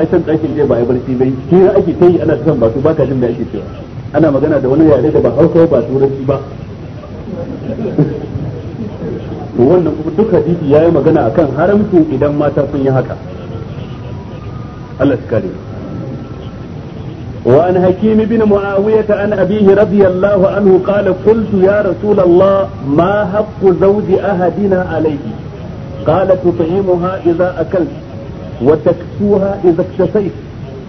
an san ɗakin zai ba ya barci bai hira ake ta yi ana ta san ba su ba ka jin da ake cewa ana magana da wani yare da ba hausa ba turanci ba to wannan kuma duk hadisi yayi magana akan haramcin idan mata sun yi haka Allah ya kare وعن حكيم بن معاوية عن أبيه رضي الله عنه قال قلت يا رسول الله ما حق زوج أحدنا عليه قال تطعمها إذا أكلت وتكسوها إذا اكتسيت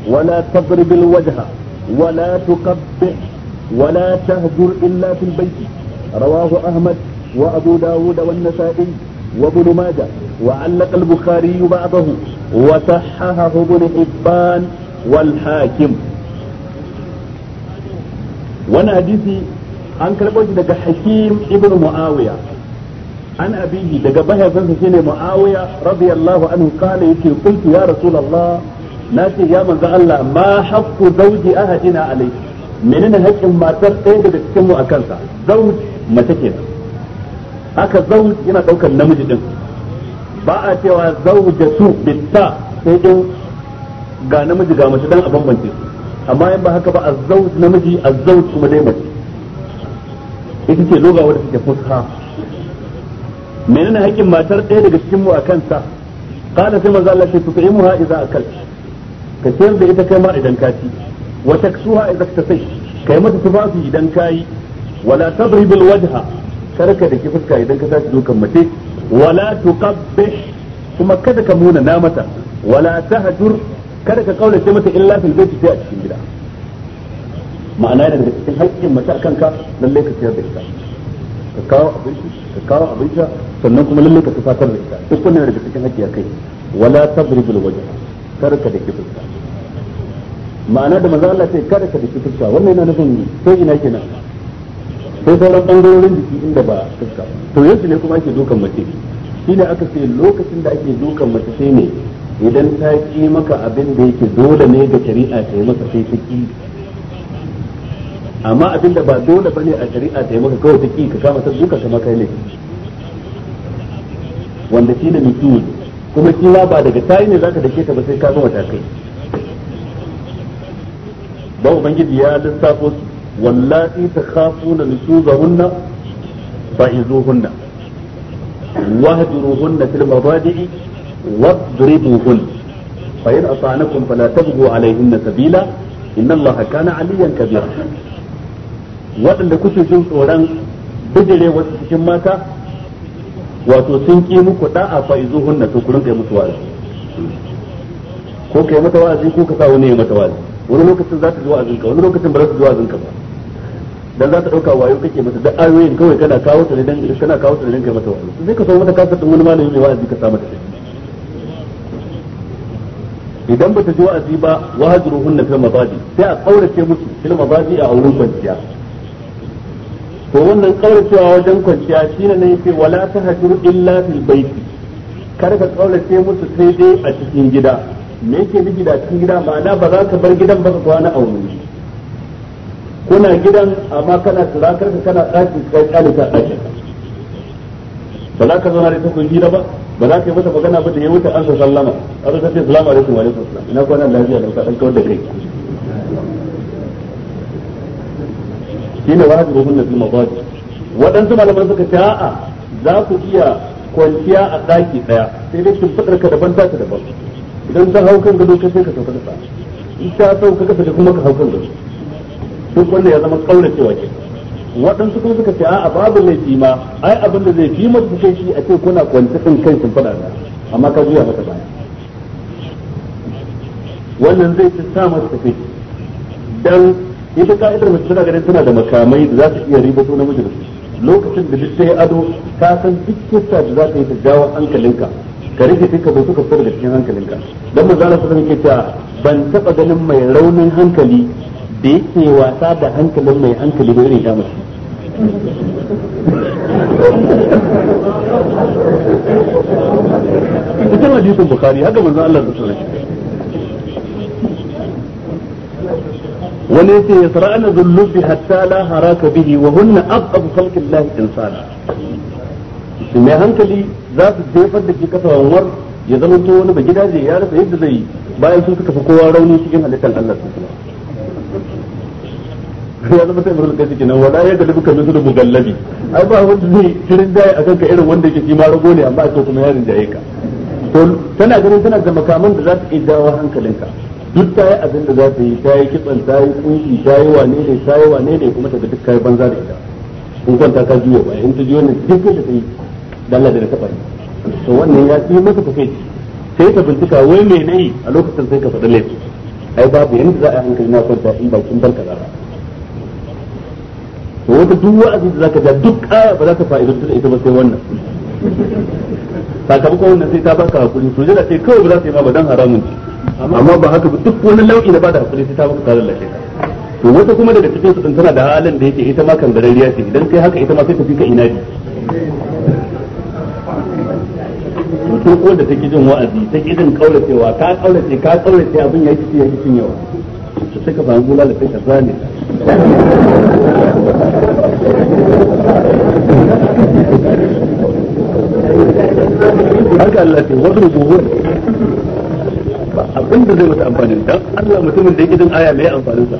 ولا تضرب الوجه ولا تقبح ولا تهجر إلا في البيت رواه أحمد وأبو داود والنسائي وابن ماجه وعلق البخاري بعضه وصححه ابن حبان والحاكم وانا حديثي an karɓo shi daga hakim ibn muawiya an abihi daga mahaifinsa shine muawiya radiyallahu anhu kana yake qultu ya rasulullah na ce ya manzo Allah ma haqqu zawji ahadina alayhi menene haƙƙin matar ɗaya daga cikin mu a kansa zawj mace kenan haka zawj yana ɗaukar namiji din ba a cewa zawjatu bitta sai din ga namiji ga mace dan a bambance su amma in ba haka ba azzauj namiji azzauj kuma dai mace ita ce loga wadda take fuska menene haƙƙin matar ɗaya daga cikin mu a kansa qala sai manzo Allah sai tutaimuha idza akal ka sayar da ita kai ma idan ka ci wa taksuha idan ka sai kai mata tufafi idan ka yi wala tadribul wajha karka da ki fuska idan ka tashi dukan mace wala tuqabbih kuma kada ka muna na mata wala tahjur kada ka kaulace mata illa fil baiti sai a cikin gida ma'ana da daga cikin haƙƙin mace a ka lalle ka sayar da ita ka kawo abinci ka kawo abinci sannan kuma lalle ka tufatar da ita duk wannan daga cikin haƙƙi a kai wala tadribul wajha karka da ki fuska ma'ana da maza Allah sai kada ka dace fuska wannan yana nufin ko ina kenan ko sauran bangarorin jiki inda ba fuska to yanzu ne kuma ake dukan mace shi ne aka ce lokacin da ake dukan mace sai ne idan ta ki maka abin da yake dole ne ga shari'a ta yi maka sai ta ki amma abin da ba dole bane a shari'a ta yi maka kawai ta ki ka kama ta duka ta maka ne wanda shi ne mutum kuma kila ba daga tayi ne zaka dake ta ba sai ka ga matakai da ubangiji ya lissafo su wallati takhafuna nusuzahunna fa'izuhunna wahjuruhunna fil mabadi'i fa in fala tabghu alayhinna sabila inna allaha kana aliyan kabira kuke jin tsoron bijire wasu cikin mata wato sun ki muku da'a fa'izuhunna to ku rinka musu wa'azi ko kai mata wa'azi ko ka sa wani ya mata wa'azi wani lokacin za ta zo azinka wani lokacin ba za ta zo azinka ba dan za ta dauka wayo kake mata da ayoyin kawai kana kawo ta ne dan kana kawo ta ne dan kai mata wayo sai ka so mata kasar din wani malami mai wa'azi ka sa mata idan bata ji wa'azi ba wahajruhunna fil mabadi sai a kaurace musu fil mabadi a auren kwanciya to wannan kauracewa wajen kwanciya shine ne yake wala tahjur illa fil baiti kar ka kaurace musu sai dai a cikin gida me yake nufi da cikin gida ma'ana ba za ka bar gidan ba ka kwana a wani kuna gidan amma kana turakar ka kana ɗakin ka kyale ka ɗakin ba za ka zauna da kun hira ba ba za ka yi mata magana ba da ya wuce an sa sallama a zai ce salamu alaikum wa alaikum salam ina kwana lafiya da ka ɗan kawar da kai wani wajibi hunna fil madaji waɗansu malaman suka ce a'a za ku iya kwanciya a ɗaki ɗaya sai dai kin fadar ka daban ta daban idan ka hau kan gado sai ka sauka da sa in ka sauka kasa kuma ka hau kan gado duk wanda ya zama cewa ke waɗansu kuma suka ce a'a babu mai ma ai abin da zai fi su kai shi a ce kuna kwanci kan kai sun faɗa da amma ka juya haka baya wannan zai ci sa masu tafi dan ita ka'idar mace tana ganin tana da makamai da za su iya ribato namiji da su lokacin da duk yi ado ka san duk kissa da za ta yi ta jawo hankalinka ka rage sai ka bai suka fita da cikin hankalinka don manzo Allah sallallahu alaihi ban taba ganin mai raunin hankali da yake wasa da hankalin mai hankali da irin kamar cikin hadisin bukhari haka manzo Allah da sallallahu wani ya yace yasra'ana dhullubi hatta la haraka bihi wa hunna aqab khalqi Allah insana mai hankali za su jefar da shi kasa wanwar ya zama to wani ba gidaje ya rufe yadda zai bayan sun suka fi kowa rauni cikin halittar Allah su kuma ya zama sai mutum kai cikin nan wala ya da dukkan su da mugallabi ai ba wanda zai tirin dai a kanka irin wanda yake shi ma rago ne amma aka kuma yarin jaye ka to tana ganin tana da makaman da za ta iya dawo hankalinka duk ta yi abin da za ta yi ta yi kitsan ta yi kunshi ta yi wane ne ta yi wane ne kuma ta ga duk yi banza da ita in kwanta ka juya baya in ta juya ne duk da ta yi dalla da ka bari to wannan ya yi masa kafe sai ka bincika wai me a lokacin sai ka faɗi laifi ai babu yanda za a hankali na kwanta in bakin barka zara to wata duk wa'azi da zaka ga duk aya ba za ka fa'idantu da ita ba sai wannan sakamakon wannan sai ta baka hakuri to jira sai kawai ba za ta yi ma ba dan haramun ce amma ba haka ba duk wani da ba da hakuri sai ta baka tsarin lafiya to wata kuma daga cikin su tana da halin da yake ita ma kan garariya ce idan kai haka ita ma sai ta fi ka inadi duk wanda take jin wa'azi ta jin kaulacewa ka kaulace ka kaulace abin ya kici ya kicin yawa su suka ka samu da kai ka zane haka Allah ce wasu ba abin da zai mata amfani don Allah mutumin da yake jin aya mai amfanin sa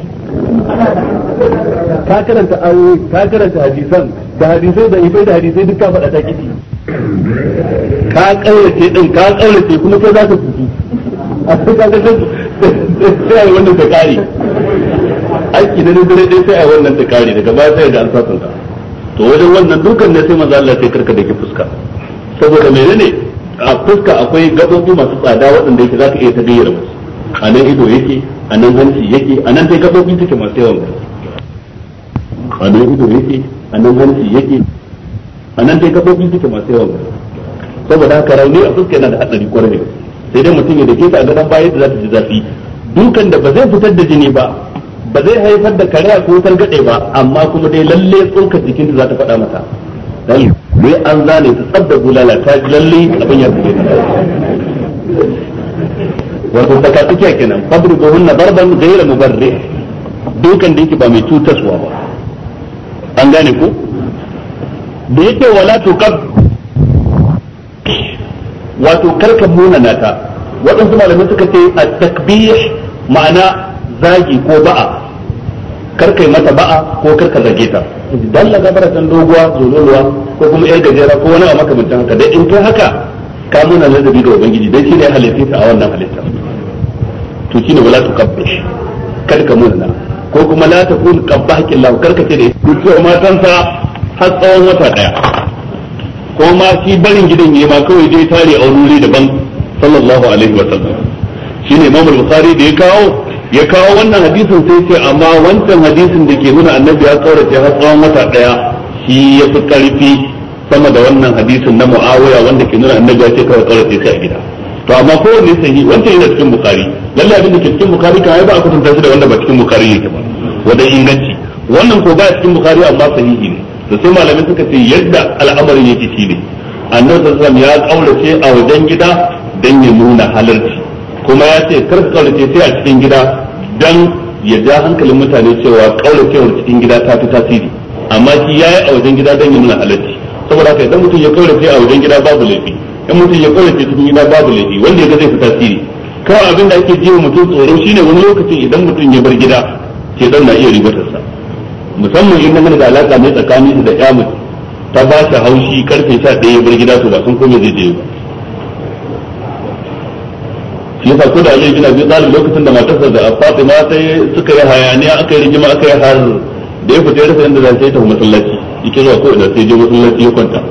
ka karanta ayoyi ka karanta hadisan da hadisai da ifai da hadisai duka faɗa ta kici ka kaurace din ka kaurace kuma kai za ka fito a cikin ka sai ai wannan da kare aiki na dare dai sai ai wannan da kare daga baya sai da an sasanta ka to wajen wannan dukan ne sai manzo Allah sai karka da ke fuska saboda menene a fuska akwai gabobi masu tsada waɗanda yake zaka iya tabbayar musu a nan ido yake a nan hanci yake a nan dai gabobi take masu yawan a nan ido yake a nan hanci yake a nan dai gabobi take masu yawan gaske saboda haka rauni a fuska yana da hatsari kwarai sai dai mutum ya dake ta a gadon baya da za ta ji zafi dukan da ba zai fitar da jini ba ba zai haifar da kariya ko targaɗe ba amma kuma dai lalle tsokar jikin da za ta faɗa mata dan wai an zane ta tsabda bulala ta lalle abin ya fice wato saka tsakiya kenan ga hunna barban ghayra mubarri dukan da yake ba mai cutaswa ba an gane ko da yake wala tuqab wato karka munana ta waɗansu malamai suka ce a takbir ma'ana zagi ko ba'a karka yi mata ba'a ko karka zage ta dan la gabara tan doguwa zololuwa ko kuma yar gajera ko wani a makamancin haka dai in kai haka ka muna ladabi ga ubangiji dai shine halittarsa a wannan halitta to shine wala tukabbish karka munana ko kuma la takun qabbahillahu karka ce da duk matansa har tsawon wata daya ko ma shi barin gidan yayi ma kawai dai tare a wuri daban sallallahu alaihi wa sallam shine Imam Bukhari da ya kawo ya kawo wannan hadisin sai ce amma wancan hadisin da ke nuna annabi ya kaurace har tsawon wata daya shi ya fi karfi sama da wannan hadisin na Muawiya wanda ke nuna annabi ya ce kawai kaurace sai a gida to amma ko kowanne sahihi wancan yana cikin Bukhari lalle abin da ke cikin Bukhari kai ba a kwatanta shi da wanda ba cikin Bukhari yake ba wadan inganci wannan ko ba cikin Bukhari amma sahihi ne to sai malamai suka ce yadda al'amarin yake ne annabi sallallahu alaihi ya kaurace a wajen gida dan ya nuna halarci kuma ya ce kar kaurace sai a cikin gida dan ya ja hankalin mutane cewa kauracewar cikin gida ta fi tasiri amma shi yayi a wajen gida dan ya nuna halarci saboda haka idan mutum ya kaurace a wajen gida babu laifi in mutum ya kaurace cikin gida babu laifi wanda ya ga zai fi tasiri kawai abin da ake jiwa mutum tsoro shine wani lokacin idan mutum ya bar gida ke na iya ribatarsa musamman in namiji da alaka ne tsakani da ya ta ba ta haushi karfe sha ɗaya bar gida to ba sun kome zai je ba shi yasa ko da Ali gina Abi Talib lokacin da matarsa da Fatima ta suka yi hayaniya aka yi rigima aka yi har da ya fita rasa inda zai ta masallaci yake zuwa ko ina sai je masallaci ya kwanta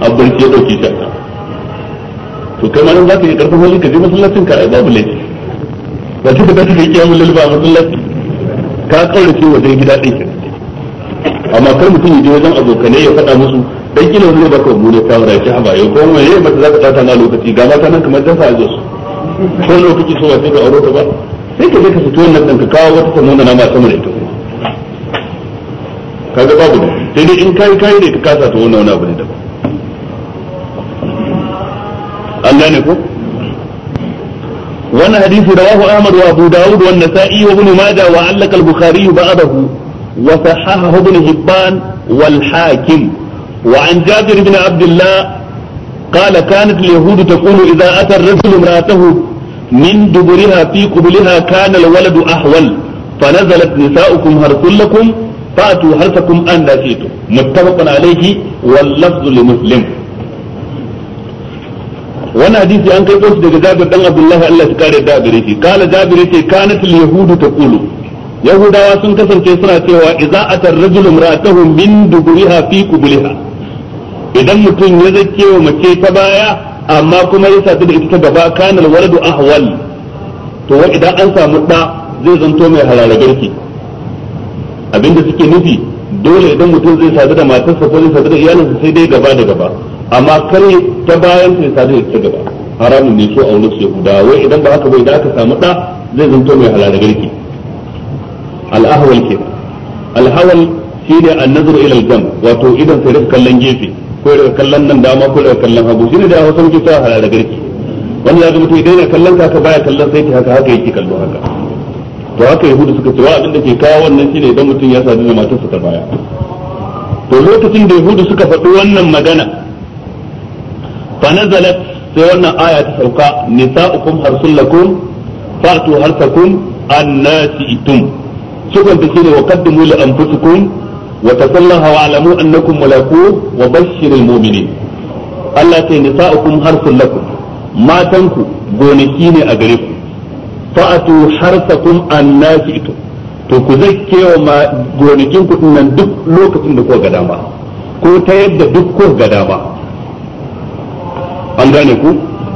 abin ya dauke ta to kai ma nan za ka yi karfin hali ka je masallacin ka babu laifi ba kika da kika yi kiyamun lalba a ka ce wajen gida ɗin kenan amma kar mutum ya je wajen abokanai ya faɗa musu dan kila wani baka mu da shawara ki haba yau ko mai yayi mata zaka tsata na lokaci ga mata nan kamar dafa ajo su ko lokaci so wace ga ka aure ta ba sai ka je ka fito wannan ka kawo wata ta nuna na ma sama da ita kaga babu sai dai in kai kai ne ka kasa ta wannan wani abu ne daban an ne ko wannan hadisi rawahu Ahmad wa Abu Dawud wa Nasa'i wa Ibn Majah wa allaka al-Bukhari ba'dahu wa sahahahu Ibn Hibban wal Hakim wa an Jabir ibn Abdullah قال كانت اليهود تقول إذا أتى الرجل امرأته من دبرها في قبلها كان الولد أحول فنزلت نساؤكم حرث لكم فأتوا حرثكم أن شئتم متفق عليه واللفظ لمسلم wannan hadisi an kai shi daga Jabir dan Abdullahi Allah ya kare da gare shi kala Jabir yace kanat al yahudu taqulu yahudawa sun kasance suna cewa idza atar rajulu imra'atahu min duburiha fi qubliha idan mutum ya zake wa mace ta baya amma kuma ya sadu da ita ta gaba kana al ahwal to wa idan an samu da zai zanto mai halala garki abinda suke nufi dole idan mutum zai sadu da matarsa ko zai sadu da iyalinsa sai dai gaba da gaba amma kar ta bayan ta sadu da ta gaba haramun ne so a wani su yahuda wai idan ba haka bai da aka samu da zai zanto mai halala garki al-ahwal ke al shi ne an nazaru ila al-jam wato idan sai rika kallon gefe ko rika kallon nan dama ko rika kallon hagu ne da hausa muke cewa halala garki ya zama to idan yana kallon ka ka baya kallon sai haka haka yake kallo haka to haka yahudu suka ce wa abin da ke kawo wannan ne idan mutum ya sadu da matarsa ta baya to lokacin da yahudu suka faɗi wannan magana fa nazalat sai wannan aya ta sauka nisa'ukum harsul lakum fa'tu harsakum annasi'tum sukan ta shine wa qaddimu li ku to ku ma gonakin nan duk lokacin da ku ga dama ko ta yadda duk ga dama an gane ku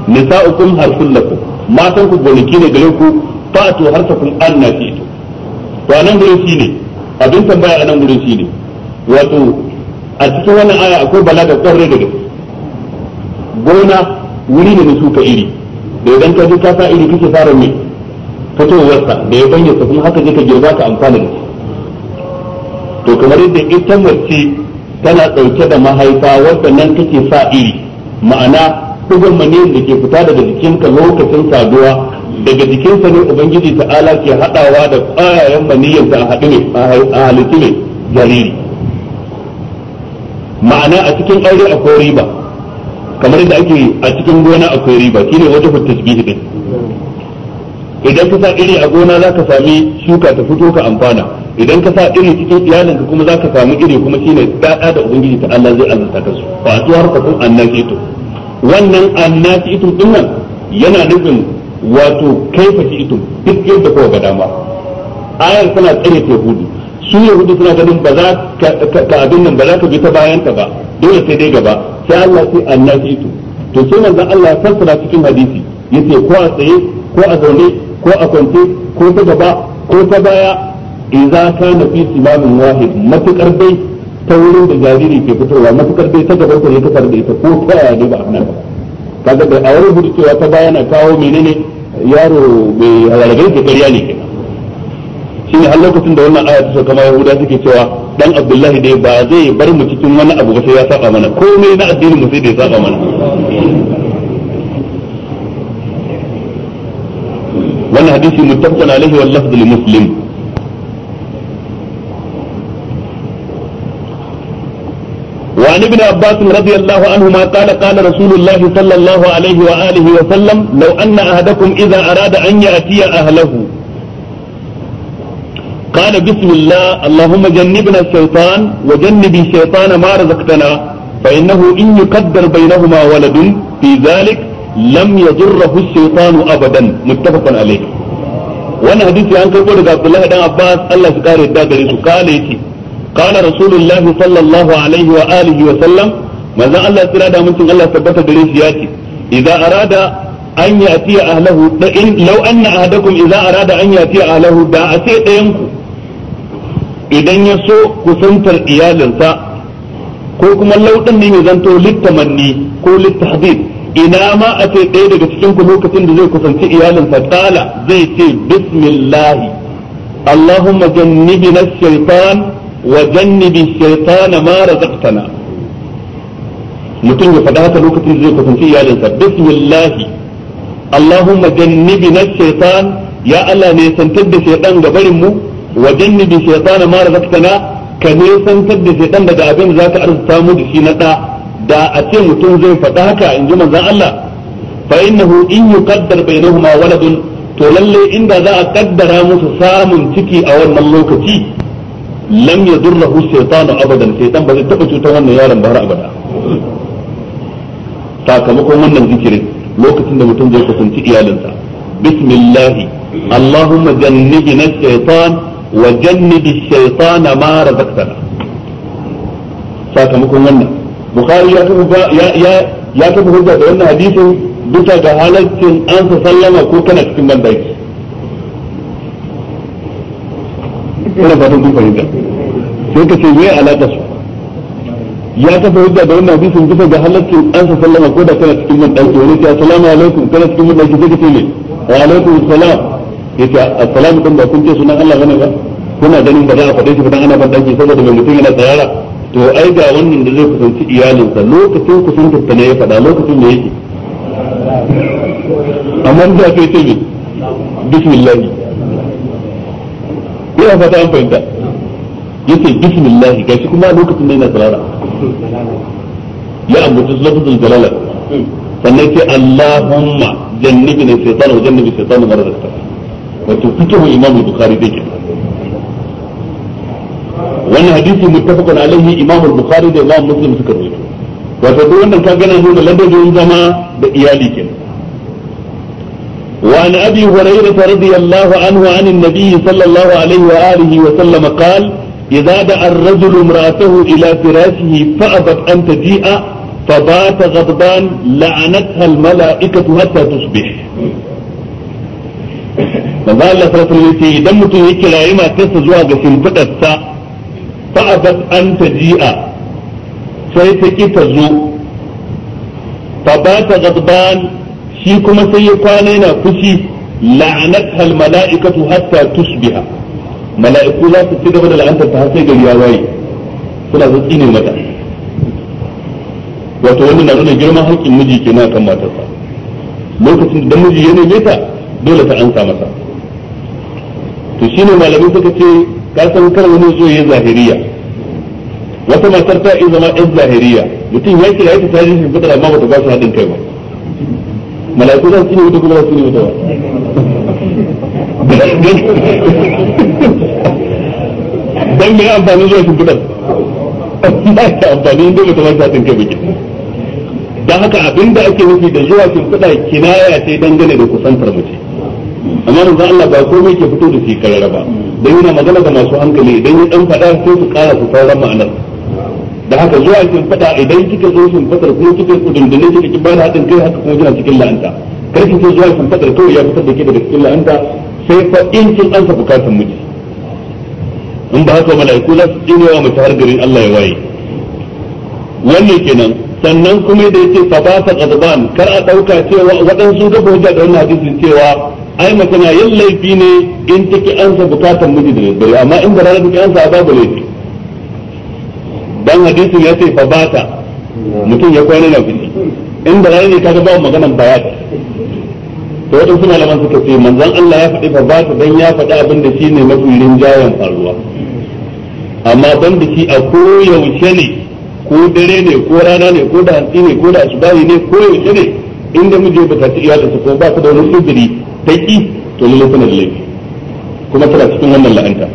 nisa'ukum harsul lakum matan ku gonaki ne gare ku fa'atu harsakum anna fi'tu to anan gurin ne abin tambaya anan gurin ne wato a cikin wannan aya akwai balaga kwarai da gaske gona wuri ne na shuka iri da idan ka je ka sa iri kake fara mai fitowarsa da ya bayyana kuma haka je ka girba ka amfana da shi to kamar yadda ita mace tana dauke da mahaifa wadda nan take sa iri ma'ana kugar maniyin da ke fita daga jikinka lokacin saduwa daga jikinsa ne ubangiji ta'ala ke hadawa da ƙwayayen maniyan ta haɗu ne a halittu ne jariri ma'ana a cikin aure akwai riba kamar yadda ake a cikin gona akwai riba ne wata tasbihi din idan ka sa iri a gona za ka sami shuka ta fito ka amfana idan ka sa iri cikin iyalinka kuma za ka sami iri kuma shine ɗaɗa da ubangiji ta'ala zai azurta ka su fa har ka kun annabi to wannan annati itum din nan yana nufin wato kaifa shi itum duk yadda kowa ga dama ayar tana tsare ta yahudu su yahudu suna ganin ba za ka abin nan ba za ka bi ta bayan ka ba dole sai dai gaba sai Allah sai annati itum to sai manzon Allah ya fara cikin hadisi yace ko a tsaye ko a zaune ko a kwance ko ta gaba ko ta baya idza kana fi simamin wahid matukar bai. ta wurin da jariri ke fitowa matukar dai ta gabar ne ta da ita ko ta yaya dai ba a hana ba kaga da a wurin hudu cewa ta bayana kawo menene yaro mai halargar da karya ne ke shi ne har lokacin da wannan aya sau kama yahuda suke cewa dan abdullahi dai ba zai bar mu cikin wani abu ba sai ya saba mana ko mai na addinin mu sai da ya saba mana wannan hadisi muttafaqun alaihi wal lafzul muslim وعن ابن عباس رضي الله عنهما قال قال رسول الله صلى الله عليه وآله وسلم لو أن أحدكم إذا أراد أن يأتي أهله قال بسم الله اللهم جنبنا الشيطان وجنب الشيطان ما رزقتنا فإنه إن يقدر بينهما ولد في ذلك لم يضره الشيطان أبدا متفق عليه وانا حديثي عن كيف عبد الله بن عباس الله سكاري الدادري سكالي قال رسول الله صلى الله عليه وآله وسلم ماذا الله ترى دا ممكن الله ثبت بريس ياتي إذا أراد أن يأتي أهله لو أن أحدكم إذا أراد أن يأتي أهله دا أتي أيمكم idan ya so kusantar iyalinsa ko kuma lauɗin ne mai zanto littamanni ko littahzir ina ma a ce ɗaya daga cikin ku lokacin da zai kusanci iyalinsa tala zai ce bismillahi allahumma jannibina shaitan وجنب الشيطان ما رزقتنا mutum ya faɗa haka lokacin da zai kusanci iyalinsa bismillahi allahumma jannibi na shaitan ya Allah ne santar da shaitan ga barin mu wa jannibi shaitan ma razaqtana ka ne santar da shaitan daga abin da zaka arzuta mu da shi na da da a ce mutum zai faɗa haka in ji manzon Allah fa innahu in yuqaddar bainahuma waladun to lalle inda za a kaddara musu samun ciki a wannan lokaci lam yadurruhu shaytanu abadan shaitan ba zai taba cuta wannan yaron ba har abada sakamakon wannan zikirin lokacin da mutum zai kusanci iyalinsa bismillah allahumma jannibna shaytan wa jannibi shaytana ma razaqtana sakamakon ya ya ya hujja da wannan hadisin bisa ga halaccin an sallama ko kana cikin bandaki ina fatan kun fahimta sai ka ce me alaƙa su ya kafa hujja da wannan hadisin bisa ga halaccin an sa sallama ko da kana cikin man ɗauki wani ce assalamu alaikum kana cikin man ɗauki sai ce ne wa alaikum assalam ya ce assalamu kan ba kun ce sunan Allah bane ba kuna ganin ba za a faɗe shi ba dan ana ban ɗauki saboda mai mutum yana tsayara to ai ga wannan da zai kusanci iyalinsa lokacin kusantarsa ne ya faɗa lokacin da yake amma da aka yi ce bismillah yana fata an fahimta yace bismillah gashi kuma a lokacin da yana tsirara ya ambaci lafazin jalala sannan ce allahumma jannibi na shaitan wa jannibi shaitan mara da wato fikihu imamu bukhari dake wannan hadisi muttafaqun alaihi imamu bukhari da imamu muslim suka rawaito wato duk wannan ka gana nuna ladabin zama da iyali kenan وعن أبي هريرة رضي الله عنه عن النبي صلى الله عليه وآله وسلم قال إذا دعا الرجل امرأته إلى فراشه فأبت أن تجيء فبات غضبان لعنتها الملائكة حتى تصبح manzo Allah sallallahu alaihi wasallam idan mutum ya kirayi matarsa zuwa ga shimfidarsa fa abat an taji'a sai ta ki ta zo ba ta gadban shi kuma sai ya kwana yana fushi la'anatha mala'ikatu hatta tusbiha mala'iku za su ci gaba da la'antar ta har sai gari ya waye suna zo tsine mata wato wannan na nuna girman haƙƙin miji ke na kan matarsa lokacin da miji ya neme ta dole ta ansa masa to shine malamai suka ce ka san kar wani zo ya zahiriya wata matar ta iya zama ɗan zahiriya mutum ya kira ita ta ji shi fitar amma bata ba su haɗin kai ba mala'iku za su ne wuta kuma za su ne wuta dan me amfani zuwa shimfiɗar ba ta amfani inda mutum ta tsin kai bikin dan haka abinda ake nufi da zuwa shimfiɗa kinaya sai dangane da kusantar mace amma manzo Allah ba komai ke fito da shi karara ba dan yana magana da masu hankali idan ya dan faɗa sai su ƙara su sauran ma'anar da haka zuwa kin fada idan kika zo kin fadar ko kika ku dindine kika ki bada hadin kai haka kuma kina cikin la'anta kar ki zuwa kin fadar to ya fitar da ke daga cikin la'anta sai fa in kin ansa bukatun miji in ba haka mala'iku za su tsinewa mace har garin Allah ya waye wannan kenan sannan kuma da yake fa ba qadban kar a dauka cewa waɗansu da hujja da wannan hadisin cewa ai mace na yin laifi ne in take ansa bukatun miji da dare amma in da rana take ansa babu laifi dan hadisi ya ce fa bata mutum ya kwana na fiti in da rai ne kaga ba maganan bayat to wadan suna laman suka ce manzon Allah ya faɗi fa bata dan ya faɗi abin da ne mafi rinjayen faruwa amma ban da shi a koyaushe ne ko dare ne ko rana ne ko da hantsi ne ko da asubahi ne ko yaushe ne inda muje ba ta da su ko ba ta da wani uzuri ta ki to lallai tana da laifi kuma tana cikin wannan la'anta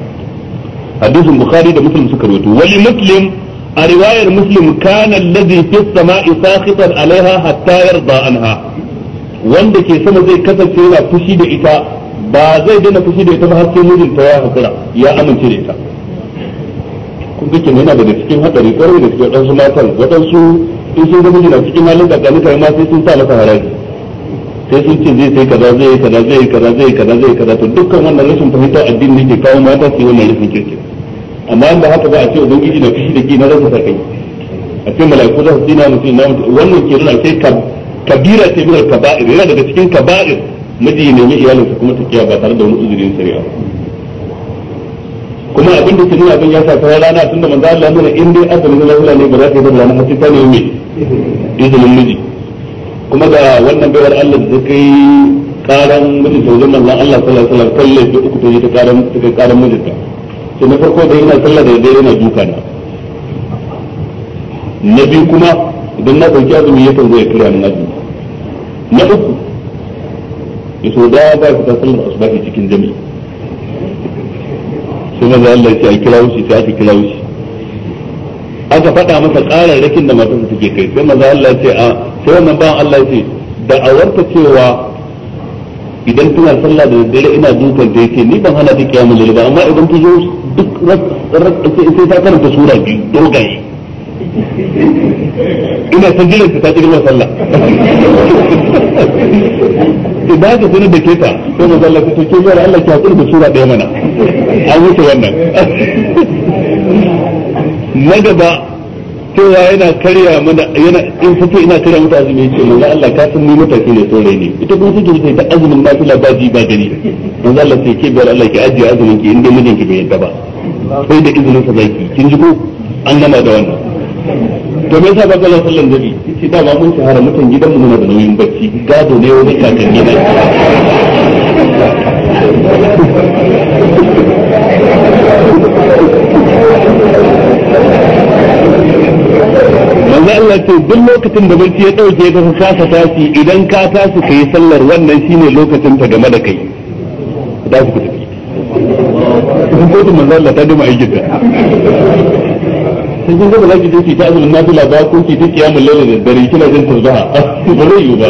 hadisin bukhari da muslim suka rawaito wali muslim a riwayar muslim kana alladhi fi samai saqitan alaiha hatta yarda anha wanda ke sama zai kasance yana fushi da ita ba zai daina fushi da ita ba har sai ta ya hakura ya amince da ita kun ga kenan yana daga cikin hadari kwarai da cikin wadansu matan wadansu in sun ga mijina cikin halin da kanika ma sai sun sa masa haraji sai sun ce zai sai kaza zai kaza zai kaza zai kaza zai kaza to dukkan wannan rashin fahimtar addini ne ke kawo mata su yi wannan rashin kirki amma in ba haka ba a ce ubangiji da fushi da ki na rasa kai a ce mala'iku za su dina mutum na mutum wannan ke nuna sai kabira ce bidar kaba'ir yana daga cikin kaba'ir miji ne mai iyalinsa kuma ta kiya ba tare da wani uzurin shari'a kuma abin da ke nuna abin ya sa ta rana tun da manzo Allah nuna in dai azumin lafiya ne ba za ka yi da ranar ta ne mai izinin miji kuma ga wannan bayar Allah da kai karan mijinta wajen manzon Allah sallallahu alaihi wasallam kalle da uku ta yi ta karan ta kai karan mijinta to na farko da ina sallah da dare yana duka na na biyu kuma idan na ɗauki azumi ya kan zo ya kira ni azumi na uku ya so da ba ka sallar cikin jami'i sai manzo Allah ya ce a kira wuce sai aka kira wuce aka faɗa masa ƙararrakin da matarsa take kai sai manzo Allah ya ce a sai wannan ba Allah ya ce da awarta cewa idan tana sallah da daddare ina dukan da yake ni ban hana ta kiyamul lail amma idan zo duk sai ta karanta sura biyu dogaye ina jiran ta sallah idan ka da keta ko mu sallah ta ke Allah ki hakuri da sura mana an wuce wannan na gaba cewa yana karya mana yana in fito ina karya mata azumi yake manzo Allah ka san ni mutaki ne sore ne ita kuma take ta azumin nafila ba ji ba gani za Allah sai ke bayar Allah ki ajiye azumin ki inda mijinki bai yadda ba sai da izinin sa zaki kin ji ko an gama da wannan to me yasa ba ga sallan dabi ki da ba mun har mutan gidan mu na da nauyin bacci gado ne wani kakanni na manzo Allah ce duk lokacin da barci ya dauke ka kasa tashi idan ka tashi kai sallar wannan shine lokacin ta game da kai da ku tafi kun ko manzo Allah ta dama aikin ta sai kun ga zaki je ki ta azumin nafila ba ko ki ta kiyamul lalle da dare kina jin tarbaha ah, ba zai yi ba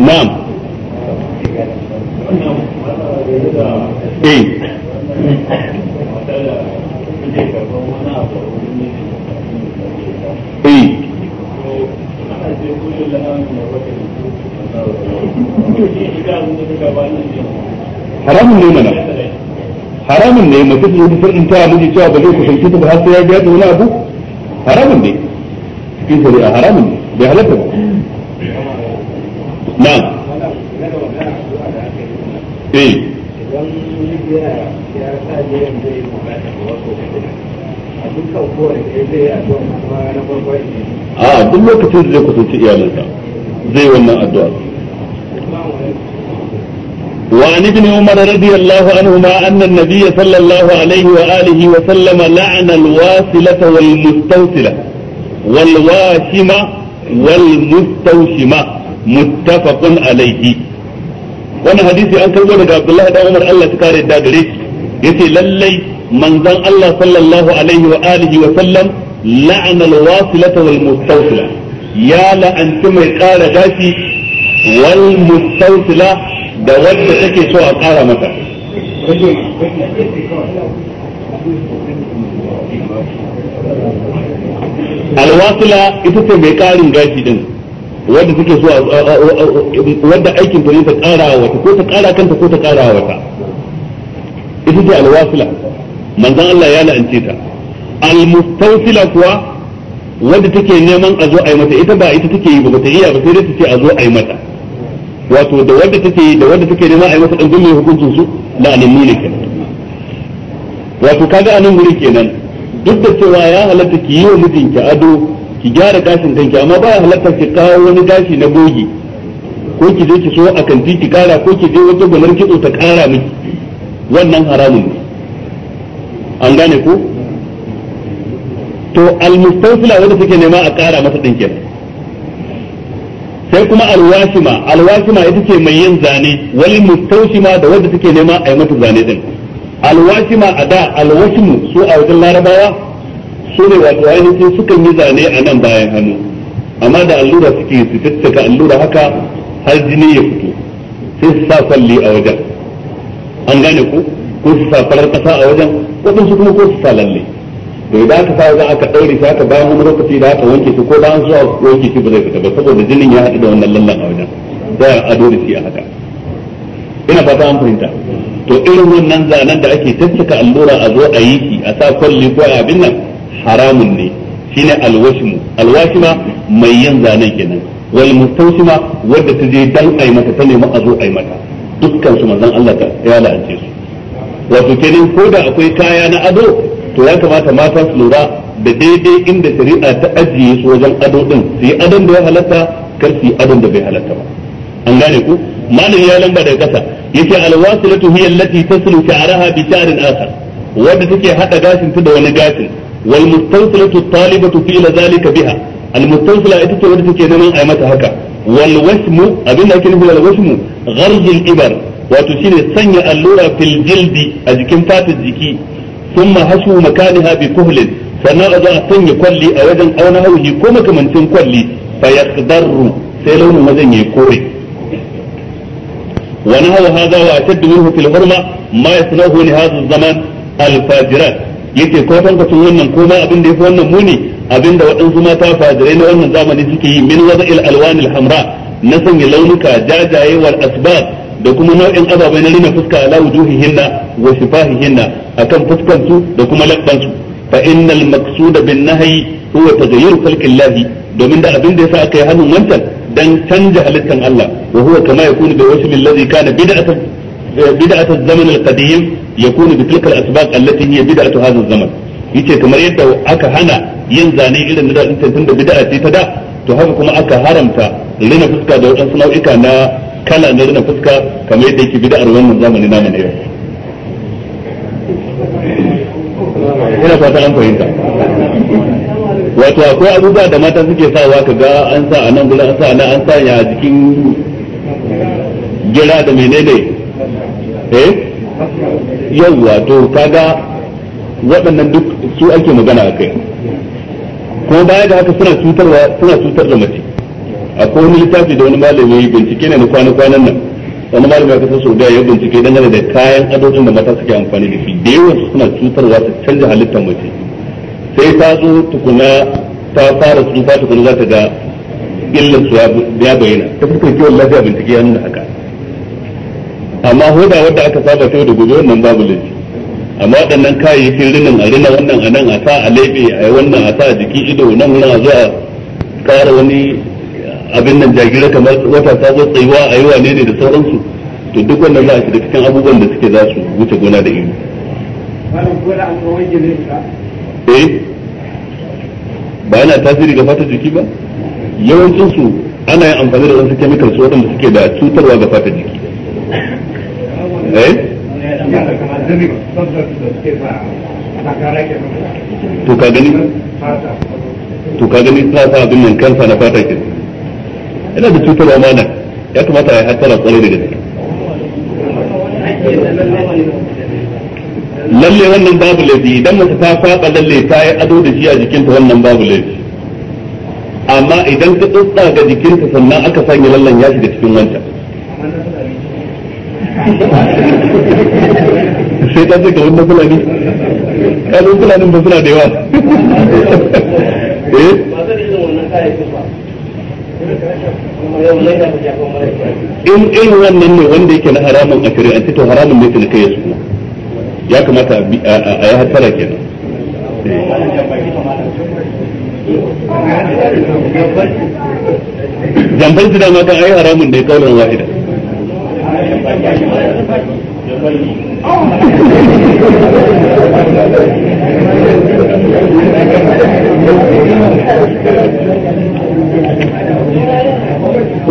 na'am eh haramun ne mana haramun ne mace ta yi sirrin ta miji cewa ba zai kusanci ta ba har sai ya biya da wani abu haramun ne cikin shari'a haramun ne bai halatta ba na eh a duk lokacin da zai kusanci iyalinsa zai wannan addu'a وعن ابن عمر رضي الله عنهما أن النبي صلى الله عليه وآله وسلم لعن الواصلة والمستوصلة والواشمة والمستوشمة متفق عليه wannan hadisi an karbo daga Abdullah da Umar Allah ta kare da gare shi yace lallai manzon Allah sallallahu alaihi wa alihi wa sallam la'ana al-wasilata wal mustawsila ya la'antu mai kara gashi wal da wanda take so a ƙara mata alwasila ita ce mai ƙarin gashi din wadda take so wadda aikin ta ne ta ƙara wata ko ta ƙara kanta ko ta ƙara wata ita ce alwasila manzon Allah ya la'ance ta almustawsila kuwa wadda take neman a zo a yi mata ita ba ita take yi ba ta iya ba sai dai ta ce a zo a yi mata wato da wanda take da wanda take da ma'ai yi masa dan gulle hukuncin su da annabi ne kenan wato kaga anan wuri kenan duk da cewa ya halatta ki yi wa mijinki ado ki gyara gashin kanki amma baya halatta ki kawo wani gashi na gogi ko ki je ki so a kan ki kara ko ki je wata gwanar kitso ta kara miki wannan haramun ne an gane ko to almustawfila wanda take nema a kara masa dinkin sai kuma alwashima alwashima ita ce mai yin zane wal mustawshima da wadda take nema a yi mata zane din alwashima a da alwashimu su a wajen larabawa su ne wato ainihin sukan yi zane a nan bayan hannu amma da allura suke su tattaka allura haka har jini ya fito sai su sa kwalli a wajen an gane ku ko su sa farar kasa a wajen waɗansu kuma ko su sa lalle to idan aka fara za aka daure shi aka bayan wani lokaci da aka wanke shi ko da an zuwa wanke shi ba zai fita ba saboda jinin ya haɗu da wannan lallan a wajen a ado da shi a haka ina fata an fahimta to irin wannan zanen da ake tattaka allura a zo a yi shi a sa kwalli ko a abin nan haramun ne shine alwashimu alwashima mai yin zanen kenan wal mustawshima wadda ta je dan ai mata ta nemi a zo ai mata dukkan su manzon Allah ta ya la'ance su wato kenan ko da akwai kaya na ado to ya kamata mata su lura da daidai inda shari'a ta ajiye su wajen ado din su yi adon da ya halatta kar su yi adon da bai halatta ba an gane ku malam ya lamba daga kasa yace alwasilatu hiya allati taslu sha'raha bi sha'rin akhar wanda take hada gashin ta da wani gashin wal mustawsilatu talibatu fi zalika biha al mustawsila ita ce wanda take neman a mata haka wal wasmu da ake nufi wal wasmu gharzul ibar wato shine sanya allura fil jildi a jikin fatar jiki thumma hasu makani bi kuhlin sannan a zo a sanya kwalli a wajen auna hauhi ko makamancin kwalli fa sai launin wajen ya kore wa nahawa hadha wa ashaddu minhu fil hurma ma yasnahu li hadha zaman al fajirat ko san kacin wannan ko ma abin da fi wannan muni abinda waɗansu mata fajirai na wannan zamani suke yi min wada'il alwanil hamra na sanya launuka jajayewar asbab da kuma nau'in ababai na rina fuska ala wujuhihinna wa shifahihinna akan fuskan su da kuma labban su fa innal maqsuda bin nahyi huwa taghayyur khalqillahi domin da abin da yasa aka yi hannun wancan dan canja halittan Allah wa huwa kama yakunu bi wasl alladhi kana bid'atan bid'atu az-zaman al-qadim yakunu bi tilka al-asbaq allati hiya bid'atu hadha az-zaman yace kamar yadda aka hana yin zane irin na da tun da bid'a ce ta da to haka kuma aka haramta rina fuska da wadansu nau'ika na kala na rina fuska kamar yadda yake bid'ar wannan zamani namu na yau ina fata an fahimta wato akwai abubuwa da mata suke sawa ka ga an sa a nan an sa anan an sa ya jikin gira da menene eh yau to kaga waɗannan duk su ake magana a kai kuma baya da haka suna cutarwa suna cutar da mace akwai wani littafi da wani malami bincike ne na kwana-kwanan nan wani ya a kasar saudiya ya bincike dangane da kayan adodin da mata suke amfani da shi da yawan suna cutarwa su canja halittar mace sai ta zo tukuna ta fara tsufa tukuna za ta ga illar su ya bayyana ta kai kiwon lafiya bincike ya nuna haka amma hoda wadda aka saba ta yau da gobe wannan babu laifi amma waɗannan kayayyakin rinin a rina wannan a nan a sa a laifi a yi wannan a sa a jiki ido nan nan a zo a ƙara wani abin nan jagira kamar wata sabon tsayuwa a yi wane ne da sauransu to duk wannan za a da cikin abubuwan da suke za su wuce gona da ilimi. eh ba yana tasiri ga fatar jiki ba yawancin su ana yin amfani da wasu kemikal su waɗanda suke da cutarwa ga fatar jiki eh, eh? to ka gani to ka gani sa abin nan kansa na fata kenan yana da cutarwa amana ya kamata ya hattara kwarai da gaske lalle wannan babu laifi idan mace ta faɗa lalle ta yi ado da shi a jikinta wannan babu laifi amma idan ka tsotsa ga jikinta sannan aka sanya lallan ya shiga cikin wanta sai ta ce gaban na fulani ƙarfin fulanin ba suna da yawa *laughs* eh in irin wannan ne wanda yake na haramun a an tito haramun ne tun kai su ya kamata a yi hattara nan jamfar su dama kan ayi haramun da ya kaunar wahida Thank *laughs* you.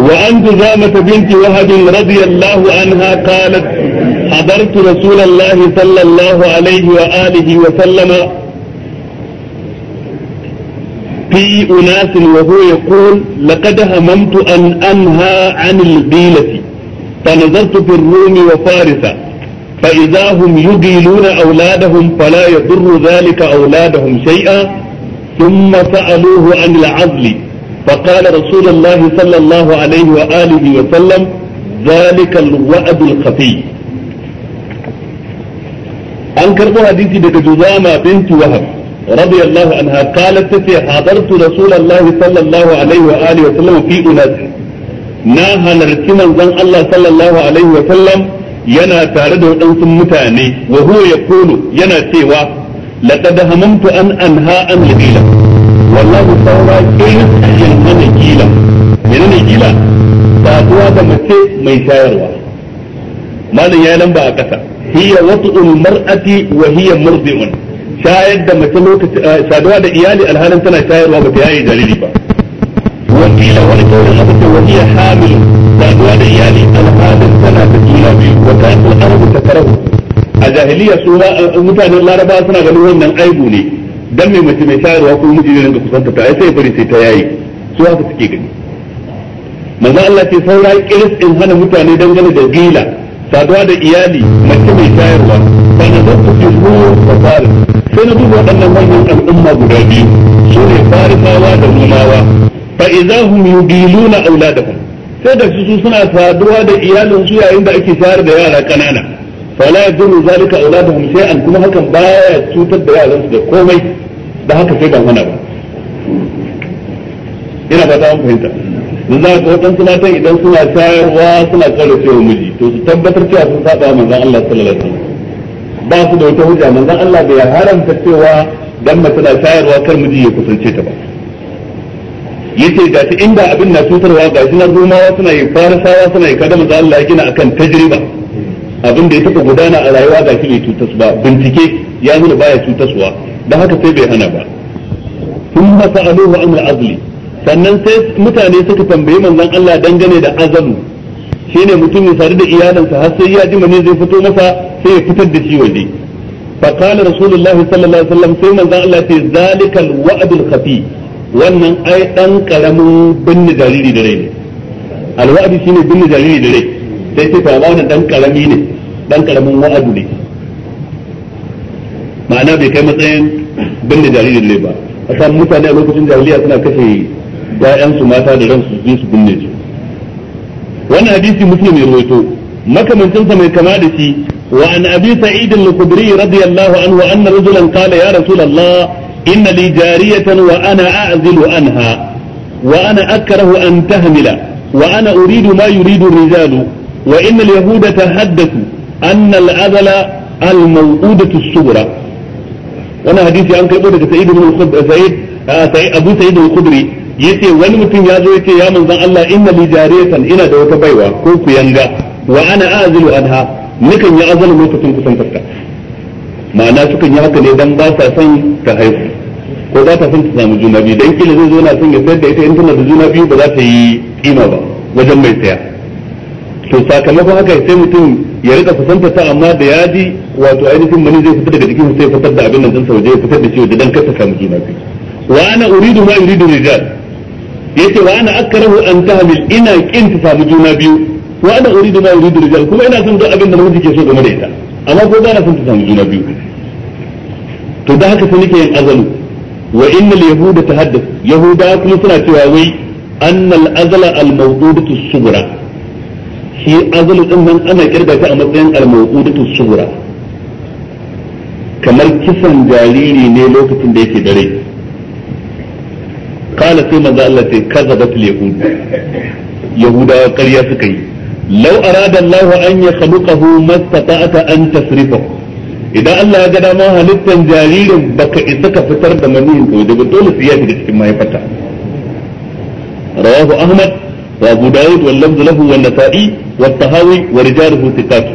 وعن جزامة بنت وهب رضي الله عنها قالت حضرت رسول الله صلى الله عليه وآله وسلم في أناس وهو يقول لقد هممت أن أنهى عن البيلة فنظرت في الروم وفارس فإذا هم يقيلون أولادهم فلا يضر ذلك أولادهم شيئا ثم سألوه عن العزل فقال رسول الله صلى الله عليه وآله وسلم ذلك الوعد الخفي an karɓo hadisi daga Juzama binti Wahab radiyallahu anha qalat tace hadartu Rasulullah sallallahu alaihi wa na halarci manzon Allah sallallahu yana tare da waɗansu mutane wa huwa yaqulu yana cewa laqad hamamtu an anha an labila wallahi saura irin yanzu ne kila yanzu ne kila saduwa da mace mai shayarwa malin ya lamba a kasa hiya watu'ul mar'ati wa hiya murdi'un shayar da mace lokaci saduwa da iyali alhalin tana shayarwa ba ta yayi jariri ba wakila wani kaurin abu ce wa hiya hamil saduwa da iyali alhalin tana da kila biyu wata al'arabu ta karahu a jahiliya su mutanen laraba suna ganin wannan aibu ne dan mai mace mai shayarwa ko miji ne rinka kusanta ta ai sai bari sai ta yayi su haka suke gani manzo Allah ce saura kiris in hana mutane dangane da gila saduwa da iyali mace mai shayarwa fa na su fi hu sai na duba waɗannan manyan al'umma guda biyu su ne farisawa da rumawa fa idahum yudiluna auladahum sai da su suna saduwa da iyalin su yayin da ake shayar da yara kanana fala yadurru zalika auladuhum shay'an kuma hakan baya cutar da yaran su da komai da haka sai ban hana ba ina fata an fahimta dan za ka wadansu matan idan suna shayarwa suna kare cewa miji to su tabbatar cewa sun saba manzon Allah sallallahu alaihi ba su da wata hujja manzon Allah bai haramta cewa dan mace shayarwa ya kusance ta ba yace da ta inda abin na cutarwa ga shi na rumawa suna yi farisawa na yi kada manzon Allah ya gina akan tajriba abin da ya taɓa gudana a rayuwa ga shi bai ba bincike ya nuna baya cutaswa da haka sai bai hana ba kuma sa'aluhu an azli sannan sai mutane suka tambayi manzon Allah dangane da azalu shine mutum ya sadu da iyalansa har sai ya ji mene zai fito masa sai ya fitar da shi waje fa qala rasulullahi sallallahu alaihi wasallam sai manzon Allah ce zalikal wa'dul khafi wannan ai dan karamin binne jariri da rai ne alwa'di shine binne jariri da rai sai ce fa wannan dan karami ne dan karamin wa'adu ne ma'ana bai kai matsayin binne jaririn ne ba a san mutane a lokacin jahiliya suna kashe ya'yan su mata da ransu su su binne hadisi muslim ya rawaito makamancin mai kama da shi wa an abi sa'id al-khudri radiyallahu anhu anna rajulan ya rasulullah inna li jariyatan wa ana a'zilu anha wa ana akrahu an tahmila wa ana uridu ma yuridu ar wa innal yahuda tahaddathu anna al-adala al-maw'udatu as-sughra wannan hadisi an karbo daga sa'id ibn eh, sa'id ah, sa'id abu sa'id yace wani mutum ya zo ce ya manzon Allah inna li jariyatan ina da wata baiwa ko kuyanga wa ana azilu anha nikan yi azalu lokacin kusantarta ma'ana yi haka ne dan ba sa son ta haihu ko ba ta son ta samu juna biyu dan kila zai zo na son ya sayar da ita in tana da juna biyu ba za ta yi kima ba wajen mai saya to sakamakon haka sai mutum ya rika kusanta ta amma da ya ji wato ainihin mani zai fita daga jikin sai fitar da abin nan din sauje ya fitar da shi da dan kasa samu kina kai wa ana uridu ma uridu rijal yace wa ana akrahu an tahmil ina kin ta samu juna biyu wa ana uridu ma uridu rijal kuma ina son duk abin da namiji ke so game da ita amma ko ba na son ta samu juna biyu to da haka sai nake yin azalu wa innal yahuda tahaddath yahuda kuma suna cewa wai annal azala al mawdudatu sughra shi azlu din nan ana kirga ta a matsayin al-mawqudatu sughra kamar kisan jariri ne lokacin da yake dare kana sai manzo Allah ce kazabat yahud yahudawa ƙarya suka yi law arada Allah an yakhluqahu mastata'ata an tasrifahu idan Allah ya ga dama halittar jaririn baka isa ka fitar da maniyin ka daga dole sai ya shiga cikin mahaifata rawahu ahmad wa abu dawud wal lafzu lahu wan nasa'i والطهاوي ورجاله ثقات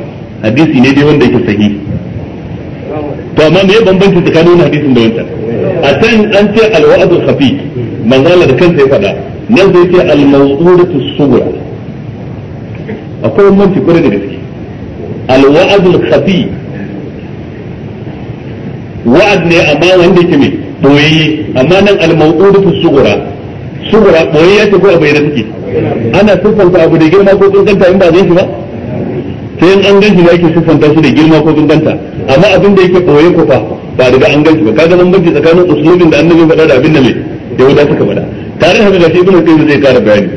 حديثي ne dai wanda yake sahihi to amma me bambanci tsakanin hadisin da wancan a can an ce al khafi manzo Allah da kansa ya faɗa nan zai ce al-mawdudatu sughra akwai bambanci kwarai da gaske al khafi wa'ad ne amma wanda yake mai doyayye amma nan al-mawdudatu sughra su guda boye ya ce ko a bayyana suke ana siffanta abu da girma ko kankanta in ba zai shi ba sai in an ganshi ne ake siffanta shi da girma ko kankanta amma abin da yake boye ko fa ba daga an ganshi ba kaga bambanci tsakanin usulubin da annabi faɗa da abin da mai yahuda suka faɗa tare da haka gashi ibnu qayyim zai kara bayani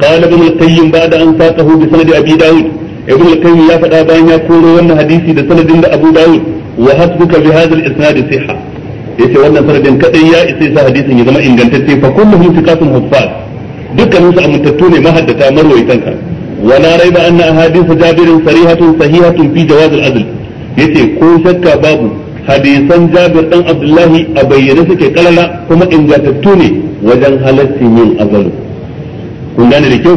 قال ابن القيم بعد أن ya بسند أبي داود ابن القيم يا فتى بان يقول وأن حديثي بسند أبو داود وحسبك بهذا الإسناد صحة yace wannan sanadin kadai ya isa sa hadisin ya zama ingantacce fa kulluhum thiqatun huffaz dukkanin su amintattu ne mahaddata marwayatan ka wala raiba anna ahadith jabirin sarihatun sahihatun fi jawaz al-adl yace ko shakka babu hadisan jabir dan abdullahi a bayyane suke kalala kuma ingantattu ne wajen halaccin yin azalu kun gane da kyau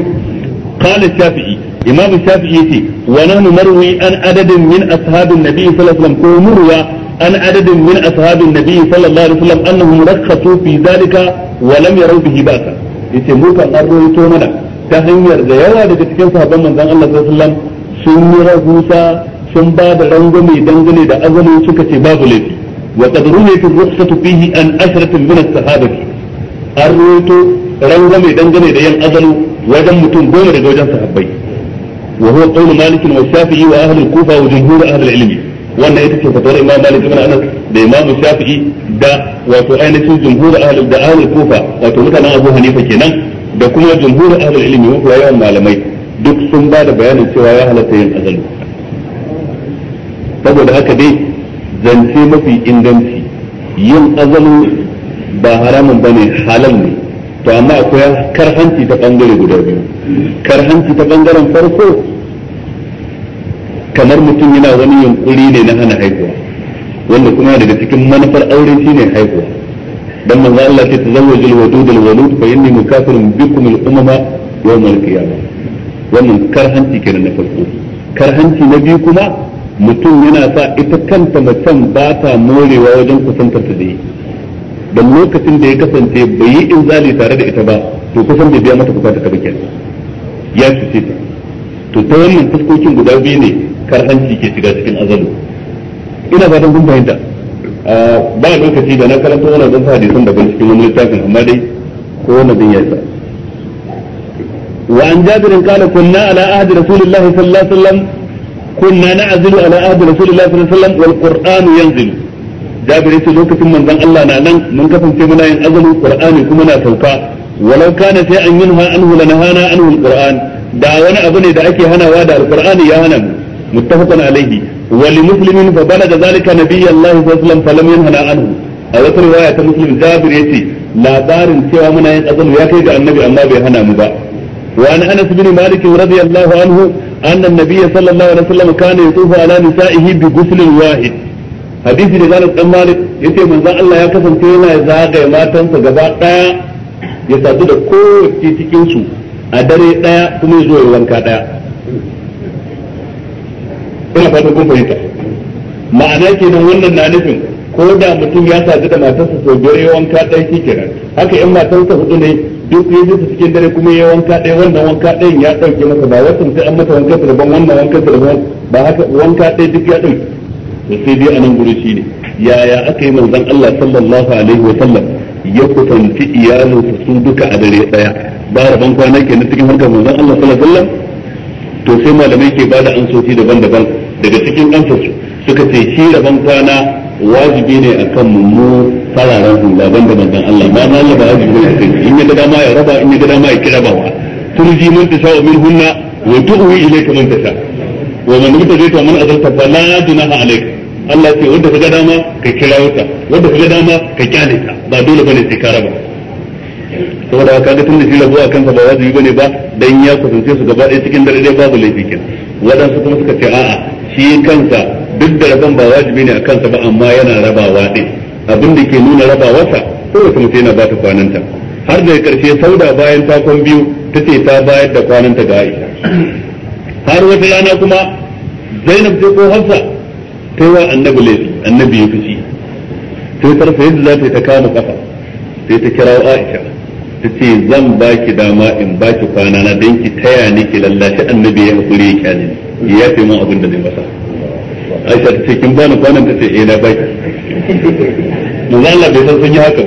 qala shafi'i imam shafi'i yace wa nahnu an adadin yin ashabin nabi sallallahu ko murwa an adadin min ashabin nabi sallallahu alaihi wasallam annahum rakhasu fi zalika wa lam yaraw bihi ba'sa yace mu kan an rawaito mana ta hanyar da yawa daga cikin sahabban manzon Allah sallallahu alaihi wasallam sun yi rahusa sun ba da rangwame dangane da azumi suka ce babu laifi wa qad ruwayat ar-rukhsatu fihi an ashratin min as-sahabati an rawaito rangwame dangane da yan azalu wajen mutum goma daga wajen sahabbai wa huwa qawlu malik wa shafi'i wa ahli al-kufa wa jumhur ahli al wannan ita ce fatawar imam malik ibn anas da imam shafi'i da wato ainihin jumhur ahlul da ahlul kufa wato mutanen abu hanifa kenan da kuma jumhur ahlul ilmi mafiya yawan malamai duk sun ba da bayanin cewa ya halatta yin azalu saboda haka dai zance mafi inganci yin azalu ba haramun bane halal ne to amma akwai karhanci ta bangare guda biyu karhanci ta bangaren farko kamar mutum yana wani yunkuri ne na hana haihuwa wanda kuma daga cikin manufar aure shine haihuwa dan manzo Allah ya tazawwaju al-wadud al-walud fa inni mukafirun bikum al-umama yawm al-qiyamah wannan karhanci kenan na farko karhanci na biyu kuma mutum yana sa ita kanta macen ba ta morewa wajen kusantar ta da yi lokacin da ya kasance bai yi inzali tare da ita ba to kusan da biya mata kuka ta bakin ya cuce ta to ta wannan fuskokin guda biyu ne karhanci ke shiga cikin azalu ina ba don gumbayin da ba lokaci da na karanta wani zan hadisan da cikin wani littafin amma dai ko wani bin wa an jabir kana kunna ala ahdi sallallahu alaihi wasallam kunna na'zilu ala ahdi sallallahu alaihi wasallam wal qur'an yanzil jabir lokacin manzon Allah na nan mun kasance muna yin azumi qur'ani kuma na sauka walau na sai an yinha anhu lanahana anhu alquran da wani abu ne da ake hanawa da alqur'ani ya hana متفق alaihi ولمسلم فبلغ ذلك fa الله zalika الله عليه وسلم فلم falam a wata riwaya ta muslim jabir ce labarin cewa muna yin azalu ya kai ga annabi amma bai hana mu ba wa an anas bin malik radiyallahu anhu anna an sallallahu alaihi wasallam kana yatufu ala nisa'ihi bi ghuslin wahid hadisi da Anas dan Malik yace manzon Allah ya kasance yana zagaye matansa gaba daya ya sadu da kowace cikinsu a dare daya kuma ya zo wanka daya ina fatan kun fahimta ma'ana kenan wannan na nufin ko da mutum ya sadu da matarsa sau biyar ya wanka ɗaya shi kenan haka yan matarsa hudu ne duk ya ji cikin dare kuma ya wanka ɗaya wannan wanka ɗayan ya ɗauke masa ba watan sai an masa wanka da daban wannan wanka da daban ba haka wanka ɗaya duk ya ɗauke to sai dai nan guri shi ne yaya aka yi manzon Allah sallallahu alaihi wa sallam ya kusanci iyalinsa su duka a dare ɗaya ba rabon kwana kenan cikin harkar manzon Allah sallallahu alaihi wa sallam to sai malamai ke bada amsoci daban-daban daga cikin amsoci suka ce shi rabon kwana wajibi ne akan mu fararen hula daban-daban Allah ma ma Allah ba wajibi ne in ya ga dama ya raba in ya ga dama ya kira ba turji wa wa man azalta Allah ce wanda dama ka kira wuta wanda dama ka kyale ta ba dole bane sai ka raba saboda haka ga tunda shi a kansa ba wajibi bane ba dan ya kusance su gaba ɗaya cikin dare babu laifi kin waɗansu kuma suka ce a'a shi kansa duk da rabon ba wajibi ne a kansa ba amma yana rabawa ɗin abin da ke nuna rabawarsa wata mutum yana ba ta kwananta har da karshe sauda bayan takon biyu ta ce ta bayar da kwananta ga aisha har wata rana kuma zainab ce ko hafsa ta yi wa annabi laifi annabi ya fushi sai tarfa yadda za ta yi ta kama kafa sai ta kirawo aisha ta ce zan ba ki dama in ba ki kwana na don ki taya ni ki lallashi annabi ya haƙuri ya kyale ya fi mun abin da zai masa aisha ta ce kin bani kwanan ta ce eh na baki manzo Allah bai san sun yi haka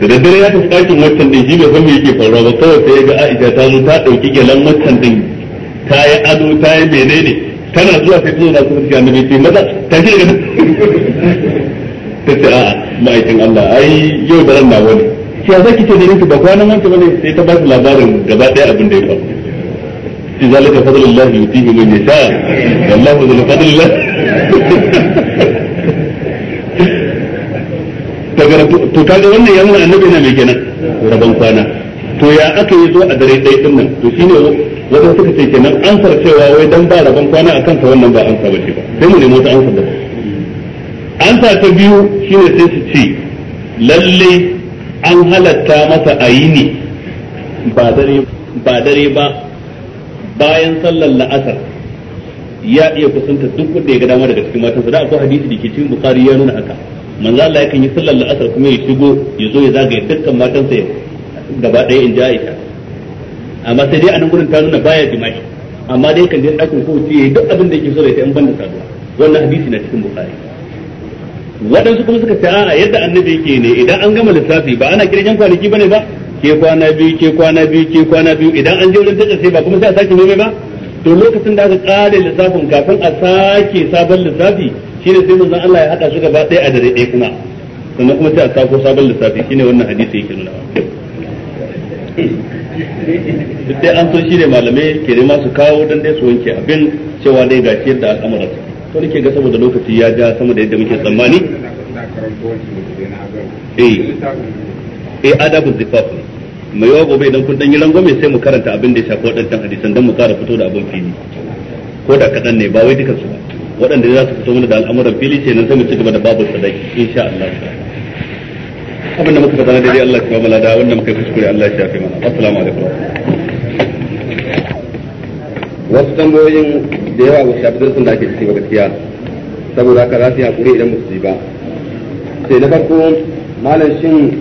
da daddare ya tafi ɗakin watan ɗin shi bai san me yake faruwa ba kawai sai ya ga Aisha ta zo ta ɗauki gyalan watan ɗin ta yi ado ta yi menene tana zuwa sai ta zo na kuma ga annabi ce maza ta ce ta ce a ma'aikin Allah ai yau da ran na wani shi ya zaki ce da nufi ba kwanan wanke bane sai ta ba su labarin gaba ɗaya abin da ya faru shi zalika fadlullahi yutihi man yasha wallahu dhul fadlillah daga to ta ga wannan ya nuna annabi ne mai kenan rabon kwana to ya aka yi zo a dare ɗaya din nan to shine wajen suka ce kenan ansar cewa wai dan ba rabon kwana a kansa wannan ba ansa bace ba sai mu nemi wata ansar da ansa ta biyu shine sai su ce lalle an halatta masa a yi ne ba dare ba bayan sallar la'asar ya iya kusanta duk wanda ya ga dama daga cikin matansa da akwai hadisi da ke cikin bukari ya nuna haka manzo Allah yakan yi sallar la'asar kuma ya shigo ya zo ya zagaye dukkan matansa gaba ɗaya in ja Aisha amma sai dai a nan gurin ta nuna baya jima'i amma dai kan je ɗakin ko ya yi duk abin da yake so da ita in banda saduwa wannan hadisi na cikin bukari waɗansu kuma suka ce a yadda annabi yake ne idan an gama lissafi ba ana kirgan kwanaki bane ba ke kwana biyu ke kwana biyu ke kwana biyu idan an je wurin ta sai ba kuma sai a sake nome ba to lokacin da aka kare lissafin kafin a sake sabon lissafi shine sai manzon Allah ya hada su gaba ɗaya a dare ɗaya kuma sannan kuma sai a sako sabon lissafi shine wannan hadisi yake nuna duk dai an so shine malamai ke ma su kawo dan dai su wanke abin cewa dai gashi yadda al'amuran to nake ga saboda lokaci ya ja sama da yadda muke tsammani eh eh adabu zifaf mai yawa gobe idan kun dan yi mai sai mu karanta abin da ya shafi waɗancan hadisan dan mu kara fito da abin fili ko da kaɗan ne ba wai dukan su ba waɗanda za su fito mana da al'amuran fili ce nan sai mu ci gaba da babu sadaki insha Allah abin da muka faɗa daidai Allah ya kawo malada wannan muka kuskure Allah ya shafe mana assalamu alaikum wasu tambayoyin da yawa ba shafi darsin da ake ciki ba gaskiya saboda haka za su yi hakuri idan musu ji ba sai na farko malam shin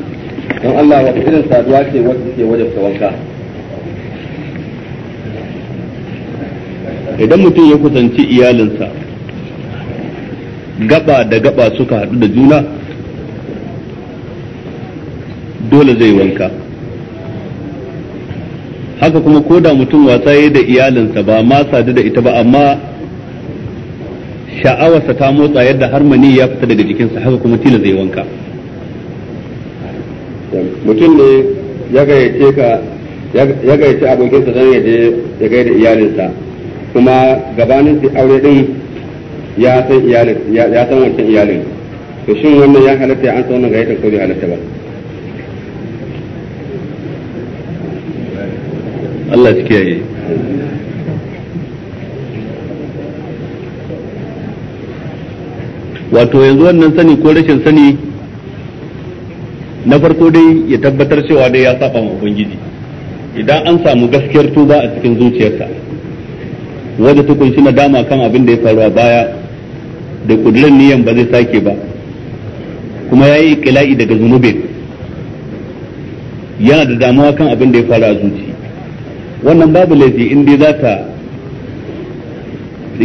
don Allah wata irin saduwa ce wacce ke wajen wanka idan mutum ya kusanci iyalinsa gaba da gaba suka haɗu da juna dole zai wanka haka kuma ko da mutum wasa yi da iyalinsa ba ma sadu da ita ba amma sha'awarsa ta motsa yadda har mani ya fita daga jikinsa haka kuma tila zai wanka mutum ne ya gayyace ka ya gayyace abokinsa don ya je ya da iyalinsa kuma gabanin da aure din ya san iyalin ya san wancan iyalin to shin wannan ya halatta an san wannan gayyatar ko bai halatta ba Allah shi kiyaye wato yanzu wannan sani ko rashin sani na farko dai ya tabbatar cewa dai ya saba ma ubangiji idan an samu gaskiyar tuba a cikin zuciyarsa wadda ta kunshi dama kan abin da ya faru a baya da kudurin niyan ba zai sake ba kuma ya yi ikila'i daga zunubin yana da damuwa kan abin da ya faru a zuci wannan babu laifi in dai za ta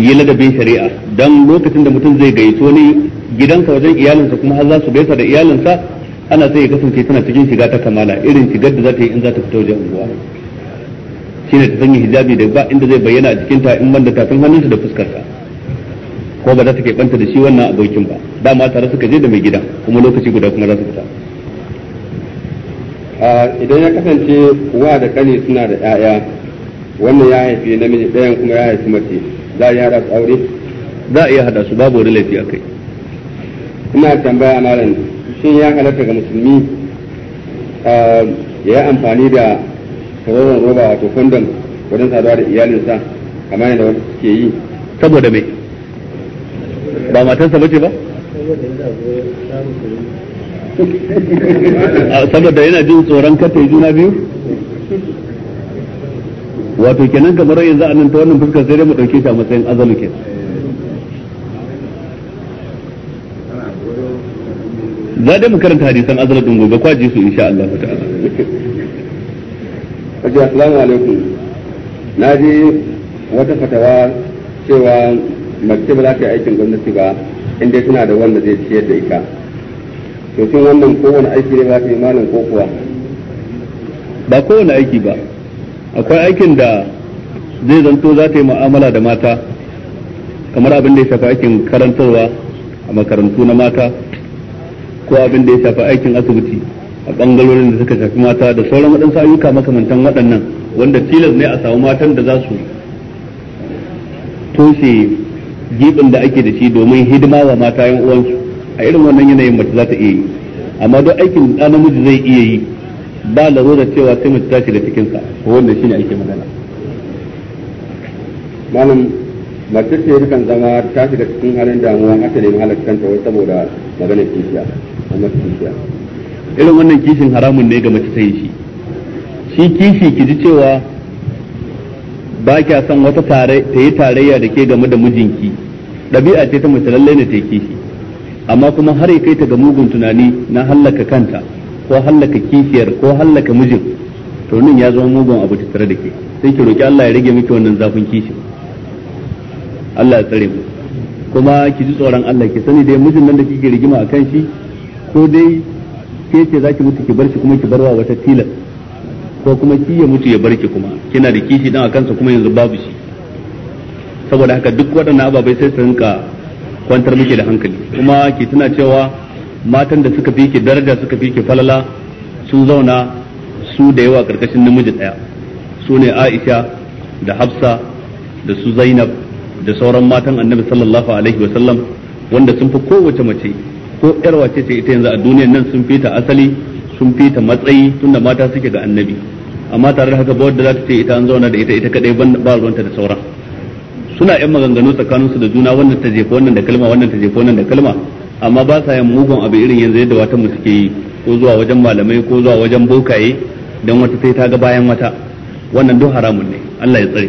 yi ladabin shari'a don lokacin da mutum zai gaito ne gidansa wajen iyalinsa kuma har za su gaisa da iyalinsa ana sai ya kasance tana cikin shiga ta kamala irin shigar da za ta yi in za ta fita wajen unguwa shi ne ta sanya hijabi da ba inda zai bayyana a cikinta in banda tafin hannunsa da fuskarsa ko ba za ta banta da shi wannan abokin ba dama tare suka je da mai gidan kuma lokaci guda kuma za su fita idan ya kasance wa da kani suna da 'ya'ya wannan ya haifi namiji ɗayan kuma ya haifi mace za a yi haɗa su aure za a iya haɗa su babu wani laifi akai ina tambaya a malam shin ya halatta ga musulmi ya yi amfani da tauraron roba wato kondom wajen saduwa da iyalinsa kamar yadda wasu ke yi saboda me ba matarsa bace ba saboda yana jin tsoron kata juna biyu wato kenan kamar yanzu a nan ta wannan fuskar sai dai mu dauke shi a matsayin azalu ke za dai mu karanta hadisan azalu din gobe ji su insha Allah ta'ala Aji assalamu alaikum na ji wata fatawa cewa mace ba za ta yi aikin gwamnati ba inda tana da wanda zai ciyar da ita to shin wannan kowane aiki ne ba ka yi malam ko kuwa ba kowane aiki ba akwai aikin da zai zanto za ta yi mu'amala da mata kamar abin da ya shafi aikin karantarwa a makarantu na mata ko abin da ya shafi aikin asibiti a bangarorin da suka shafi mata da sauran waɗansu ayyuka makamantan waɗannan wanda tilas ne a samu matan da za su toshe gibin da ake da shi domin hidima wa mata yan uwansu a irin wannan yanayin mace za ta iya yi amma duk aikin da namiji zai iya yi ba zo da cewa sai mace ta shiga cikin sa wanda shine ake magana malam mace ce yakan zama ta shiga cikin halin damuwa aka nemi halakkanta wai saboda magana kishiya amma kishiya irin wannan kishin haramun ne ga mace ta yi shi shi kishi ki ji cewa ba kya son wata tare ta yi tarayya da ke game da mijinki ɗabi'a ce ta mace lallai ne ta yi kishi amma kuma har ya kai ta ga mugun tunani na hallaka kanta ko hallaka kishiyar ko hallaka mijin to nun ya zama mugun abu ta tare da ke sai ki roki Allah ya rage miki wannan zafin kishi Allah ya tsare mu kuma ki ji tsoron Allah ki sani dai mijin nan da kike rigima akan shi ko dai ke ce zaki mutu ki bar shi kuma ki bar wa wata tila ko kuma ki ya mutu ya bar ki kuma kina da kishi dan akan sa kuma yanzu babu shi saboda haka duk waɗannan ababai sai su rinka kwantar muke da hankali kuma ki tuna cewa matan da suka fi ke daraja suka fi ki falala sun zauna su da yawa karkashin namiji daya su ne Aisha da Hafsa da su Zainab da sauran matan Annabi sallallahu alaihi wa sallam wanda sun fi kowace mace ko yar wace ce ita yanzu a duniyar nan sun fita asali sun fita matsayi tunda mata suke ga Annabi amma tare da haka ba wadda za ta ce ita an zauna da ita ita kadai ba ruwanta da sauran suna yan maganganu tsakanin su da juna wannan ta jefa wannan da kalma wannan ta jefa wannan da kalma amma ba sa yin mugun abu irin yanzu yadda wata mu suke yi ko zuwa wajen malamai ko zuwa wajen bokaye dan wata sai ta ga bayan wata wannan duk haramun ne Allah ya tsare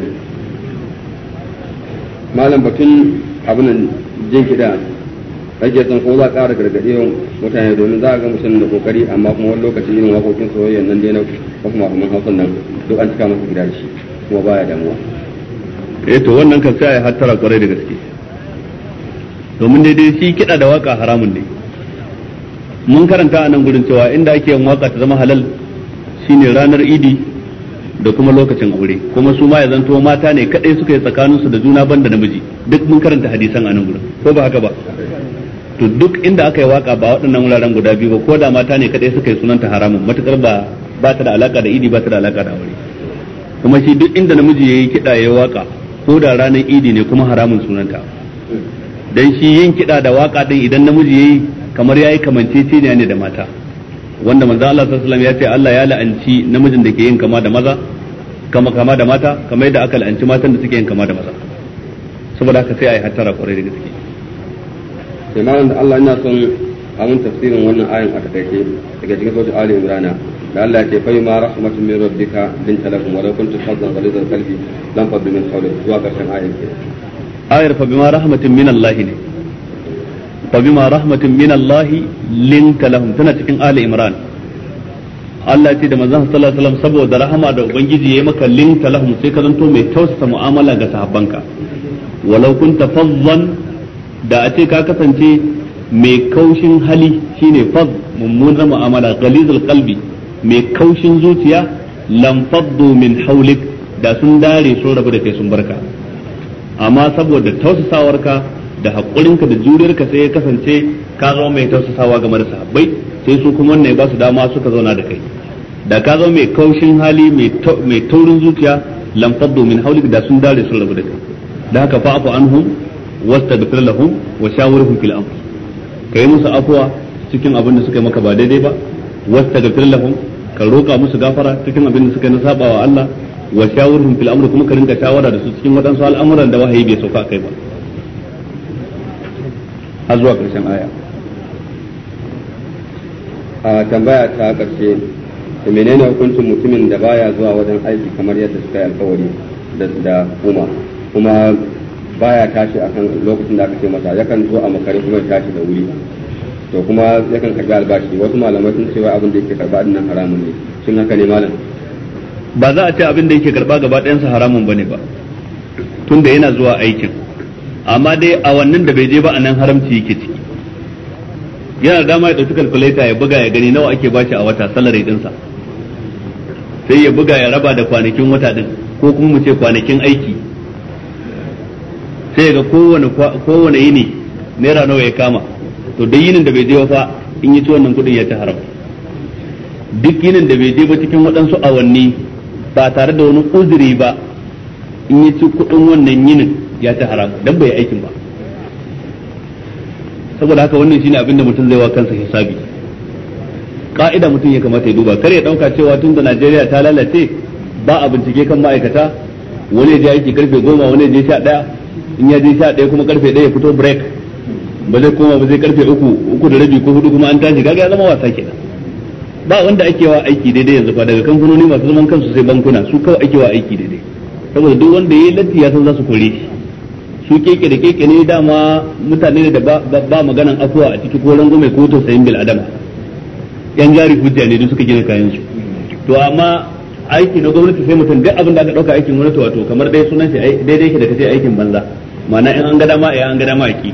malam batun nan jin kida rage san ko za ƙara gargaɗe mutane domin za a ga mutum da kokari amma kuma wani lokaci irin wakokin soyayya nan dai na kuma kuma hausan nan duk an cika masa gida shi kuma baya damuwa eh to wannan kan sai ya hattara kwarai da gaske domin dai shi kiɗa da waka haramun ne mun karanta a nan gurin cewa inda ake yin waka ta zama halal shine ranar idi da kuma lokacin aure kuma su ma ya zanto mata ne kadai suka yi tsakaninsu da juna banda namiji duk mun karanta hadisan a nan gurin ko ba haka ba to duk inda aka yi waka ba waɗannan wuraren guda biyu ba ko da mata ne kadai suka yi sunanta haramun matukar ba ba ta da alaka da idi ba ta da alaka da aure kuma shi duk inda namiji yayi kiɗa yayi waka ko da ranar idi ne kuma haramun sunanta dan shi yin kiɗa da waka din idan namiji yayi kamar yayi kamanceceniya ne da mata wanda manzo Allah sallallahu alaihi wasallam ya ce Allah ya la'anci namijin da ke yin kama da maza kama kama da mata kamar yadda aka la'anci matan da suke yin kama da maza saboda haka sai ayi hattara kwarai da gaske sai Allah ina son a mun tafsirin wannan ayin a takaice daga cikin sautin Ali Imran da Allah ce fa ma rahmatun min rabbika linta lahum wa law kuntum fadlan ghalidha qalbi lam faddu min hawlik zuwa karshen ayar ke ayar fa bima rahmatin min Allah ne fa bima rahmatin min Allah linta lahum tana cikin Ali Imran Allah ce da manzon sallallahu alaihi wasallam saboda rahama da ubangiji yayi maka linta lahum sai ka zanto mai tausasa mu'amala ga sahabbanka walau kunta fadlan da a ce ka kasance mai kaushin hali shine fad mummunar mu'amala ghalizul qalbi mai kaushin zuciya lamfaddu min haulik da sun dare sun rabu da kai sun barka amma saboda tausasawarka da haƙurinka da juriyarka sai ya kasance ka zama mai tausasawa game da sahabbai sai su kuma wannan ya ba su dama suka zauna da kai da ka zama mai kaushin hali mai taurin zuciya lamfaddu min haulik da sun dare sun rabu da kai da haka fa'afu anhum wastaghfir lahum wa shawirhum fil amr kai musu afwa cikin abin da suka maka ba daidai ba wastaghfir lahum ka roƙa musu gafara cikin abin da suka na sabawa Allah wa shawurhum fil amri kuma ka rinka shawara da su cikin waɗansu al'amuran da wahayi bai sauka kai ba har zuwa ƙarshen aya a tambaya ta ƙarshe da menene hukuncin mutumin da baya zuwa wajen aiki kamar yadda suka yi alkawari da kuma kuma baya tashi akan lokacin da aka ce masa yakan zo a makare kuma ya tashi da wuri to kuma yakan karbi albashi wasu malamai sun cewa abin da yake karba dinnan haramun ne shin haka ne malam ba za a ce abin da yake karba gaba sa haramun bane ba tunda yana zuwa aikin amma dai a wannan da bai je ba a nan haramci yake ciki yana da dama ya ɗauki kalkuleta ya buga ya gani nawa ake bashi a wata din sa sai ya buga ya raba da kwanakin wata din ko kuma mu ce kwanakin aiki sai ga kowane yini naira nawa ya kama to dai yinin da bai je wasa in yi ci wannan kudin ya ci haram duk yinin da bai je ba cikin waɗansu awanni ba tare da wani uzuri ba in yi ci kudin wannan yinin ya ci haram dan bai aikin ba saboda haka wannan shine abin da mutum zai wa kansa hisabi ka'ida mutum ya kamata ya duba kar ya dauka cewa tun da Najeriya ta lalace ba a bincike kan ma'aikata wani ya je aiki karfe goma wani ya je sha ɗaya in ya je sha ɗaya kuma karfe ɗaya ya fito break ba zai koma ba zai karfe uku uku da rabi ko hudu kuma an tashi gaga ya zama wasa kenan ba wanda ake wa aiki daidai yanzu ba daga kamfanoni masu zaman kansu sai bankuna su kawai ake wa aiki daidai saboda duk wanda ya latti ya san za su kore shi su keke da keke ne dama mutane da ba maganan afuwa a ciki ko rangume ko tausayin bil adama yan jari hujja ne duk suka gina kayan su to amma aiki na gwamnati sai mutum duk abin da aka dauka aikin gwamnati wato kamar dai sunan shi daidai ke da kace aikin banza ma'ana in an ga dama ya eh an ga dama ki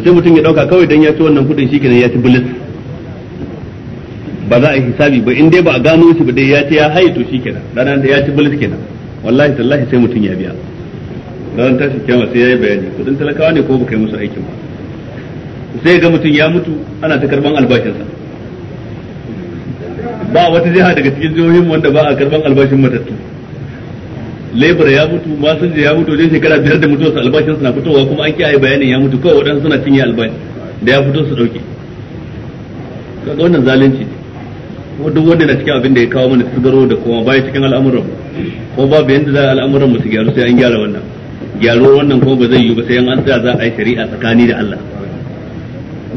to sai mutum ya dauka kawai dan ya ci wannan kudin shikenan ya ci bulis ba za a yi hisabi ba in dai ba a gano shi ba dai ya ci ya haye to kenan ranar da ya ci bulis kenan wallahi tallahi sai mutum ya biya ta shi kiyama sai ya yi bayani kudin talakawa ne ko ba kai musu aikin ba sai ga mutum ya mutu ana ta karban albashinsa ba wata jiha daga cikin jihohin wanda ba a karban albashin matattu lebura ya mutu masinja ya mutu wajen shekara biyar da mutuwarsa albashin suna fitowa kuma an kiyaye bayanin ya mutu kawai waɗansu suna cinye albashi da ya fito su ɗauke kaga wannan zalunci duk wanda na cikin abin da ya kawo mana sigaro da kuma baya cikin al'amuran ko babu yanda za al'amuran mu su gyaru sai an gyara wannan gyaruwar wannan kuma ba zai yiwu ba sai an tsaya za a yi shari'a tsakani da Allah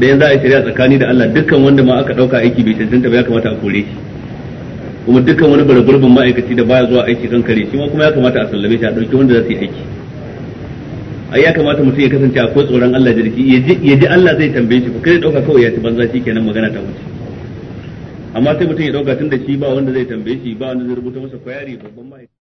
da yanzu a yi shari'a tsakani da Allah dukkan wanda ma aka ɗauka aiki bai cancanta ba ya kamata a kore shi kuma dukkan wani bargurbin ma'aikaci da baya zuwa aiki kan kare shi ma kuma ya kamata a sallame shi a ɗauki wanda za su yi aiki ai ya kamata mutum ya kasance akwai tsoron Allah da jiki ya ji Allah zai tambaye shi kai dauka kawai ya ci banza shi kenan magana ta wuce amma sai mutum ya dauka tun da shi ba wanda zai tambaye shi ba wanda zai rubuta masa kwayari babban ma'aikaci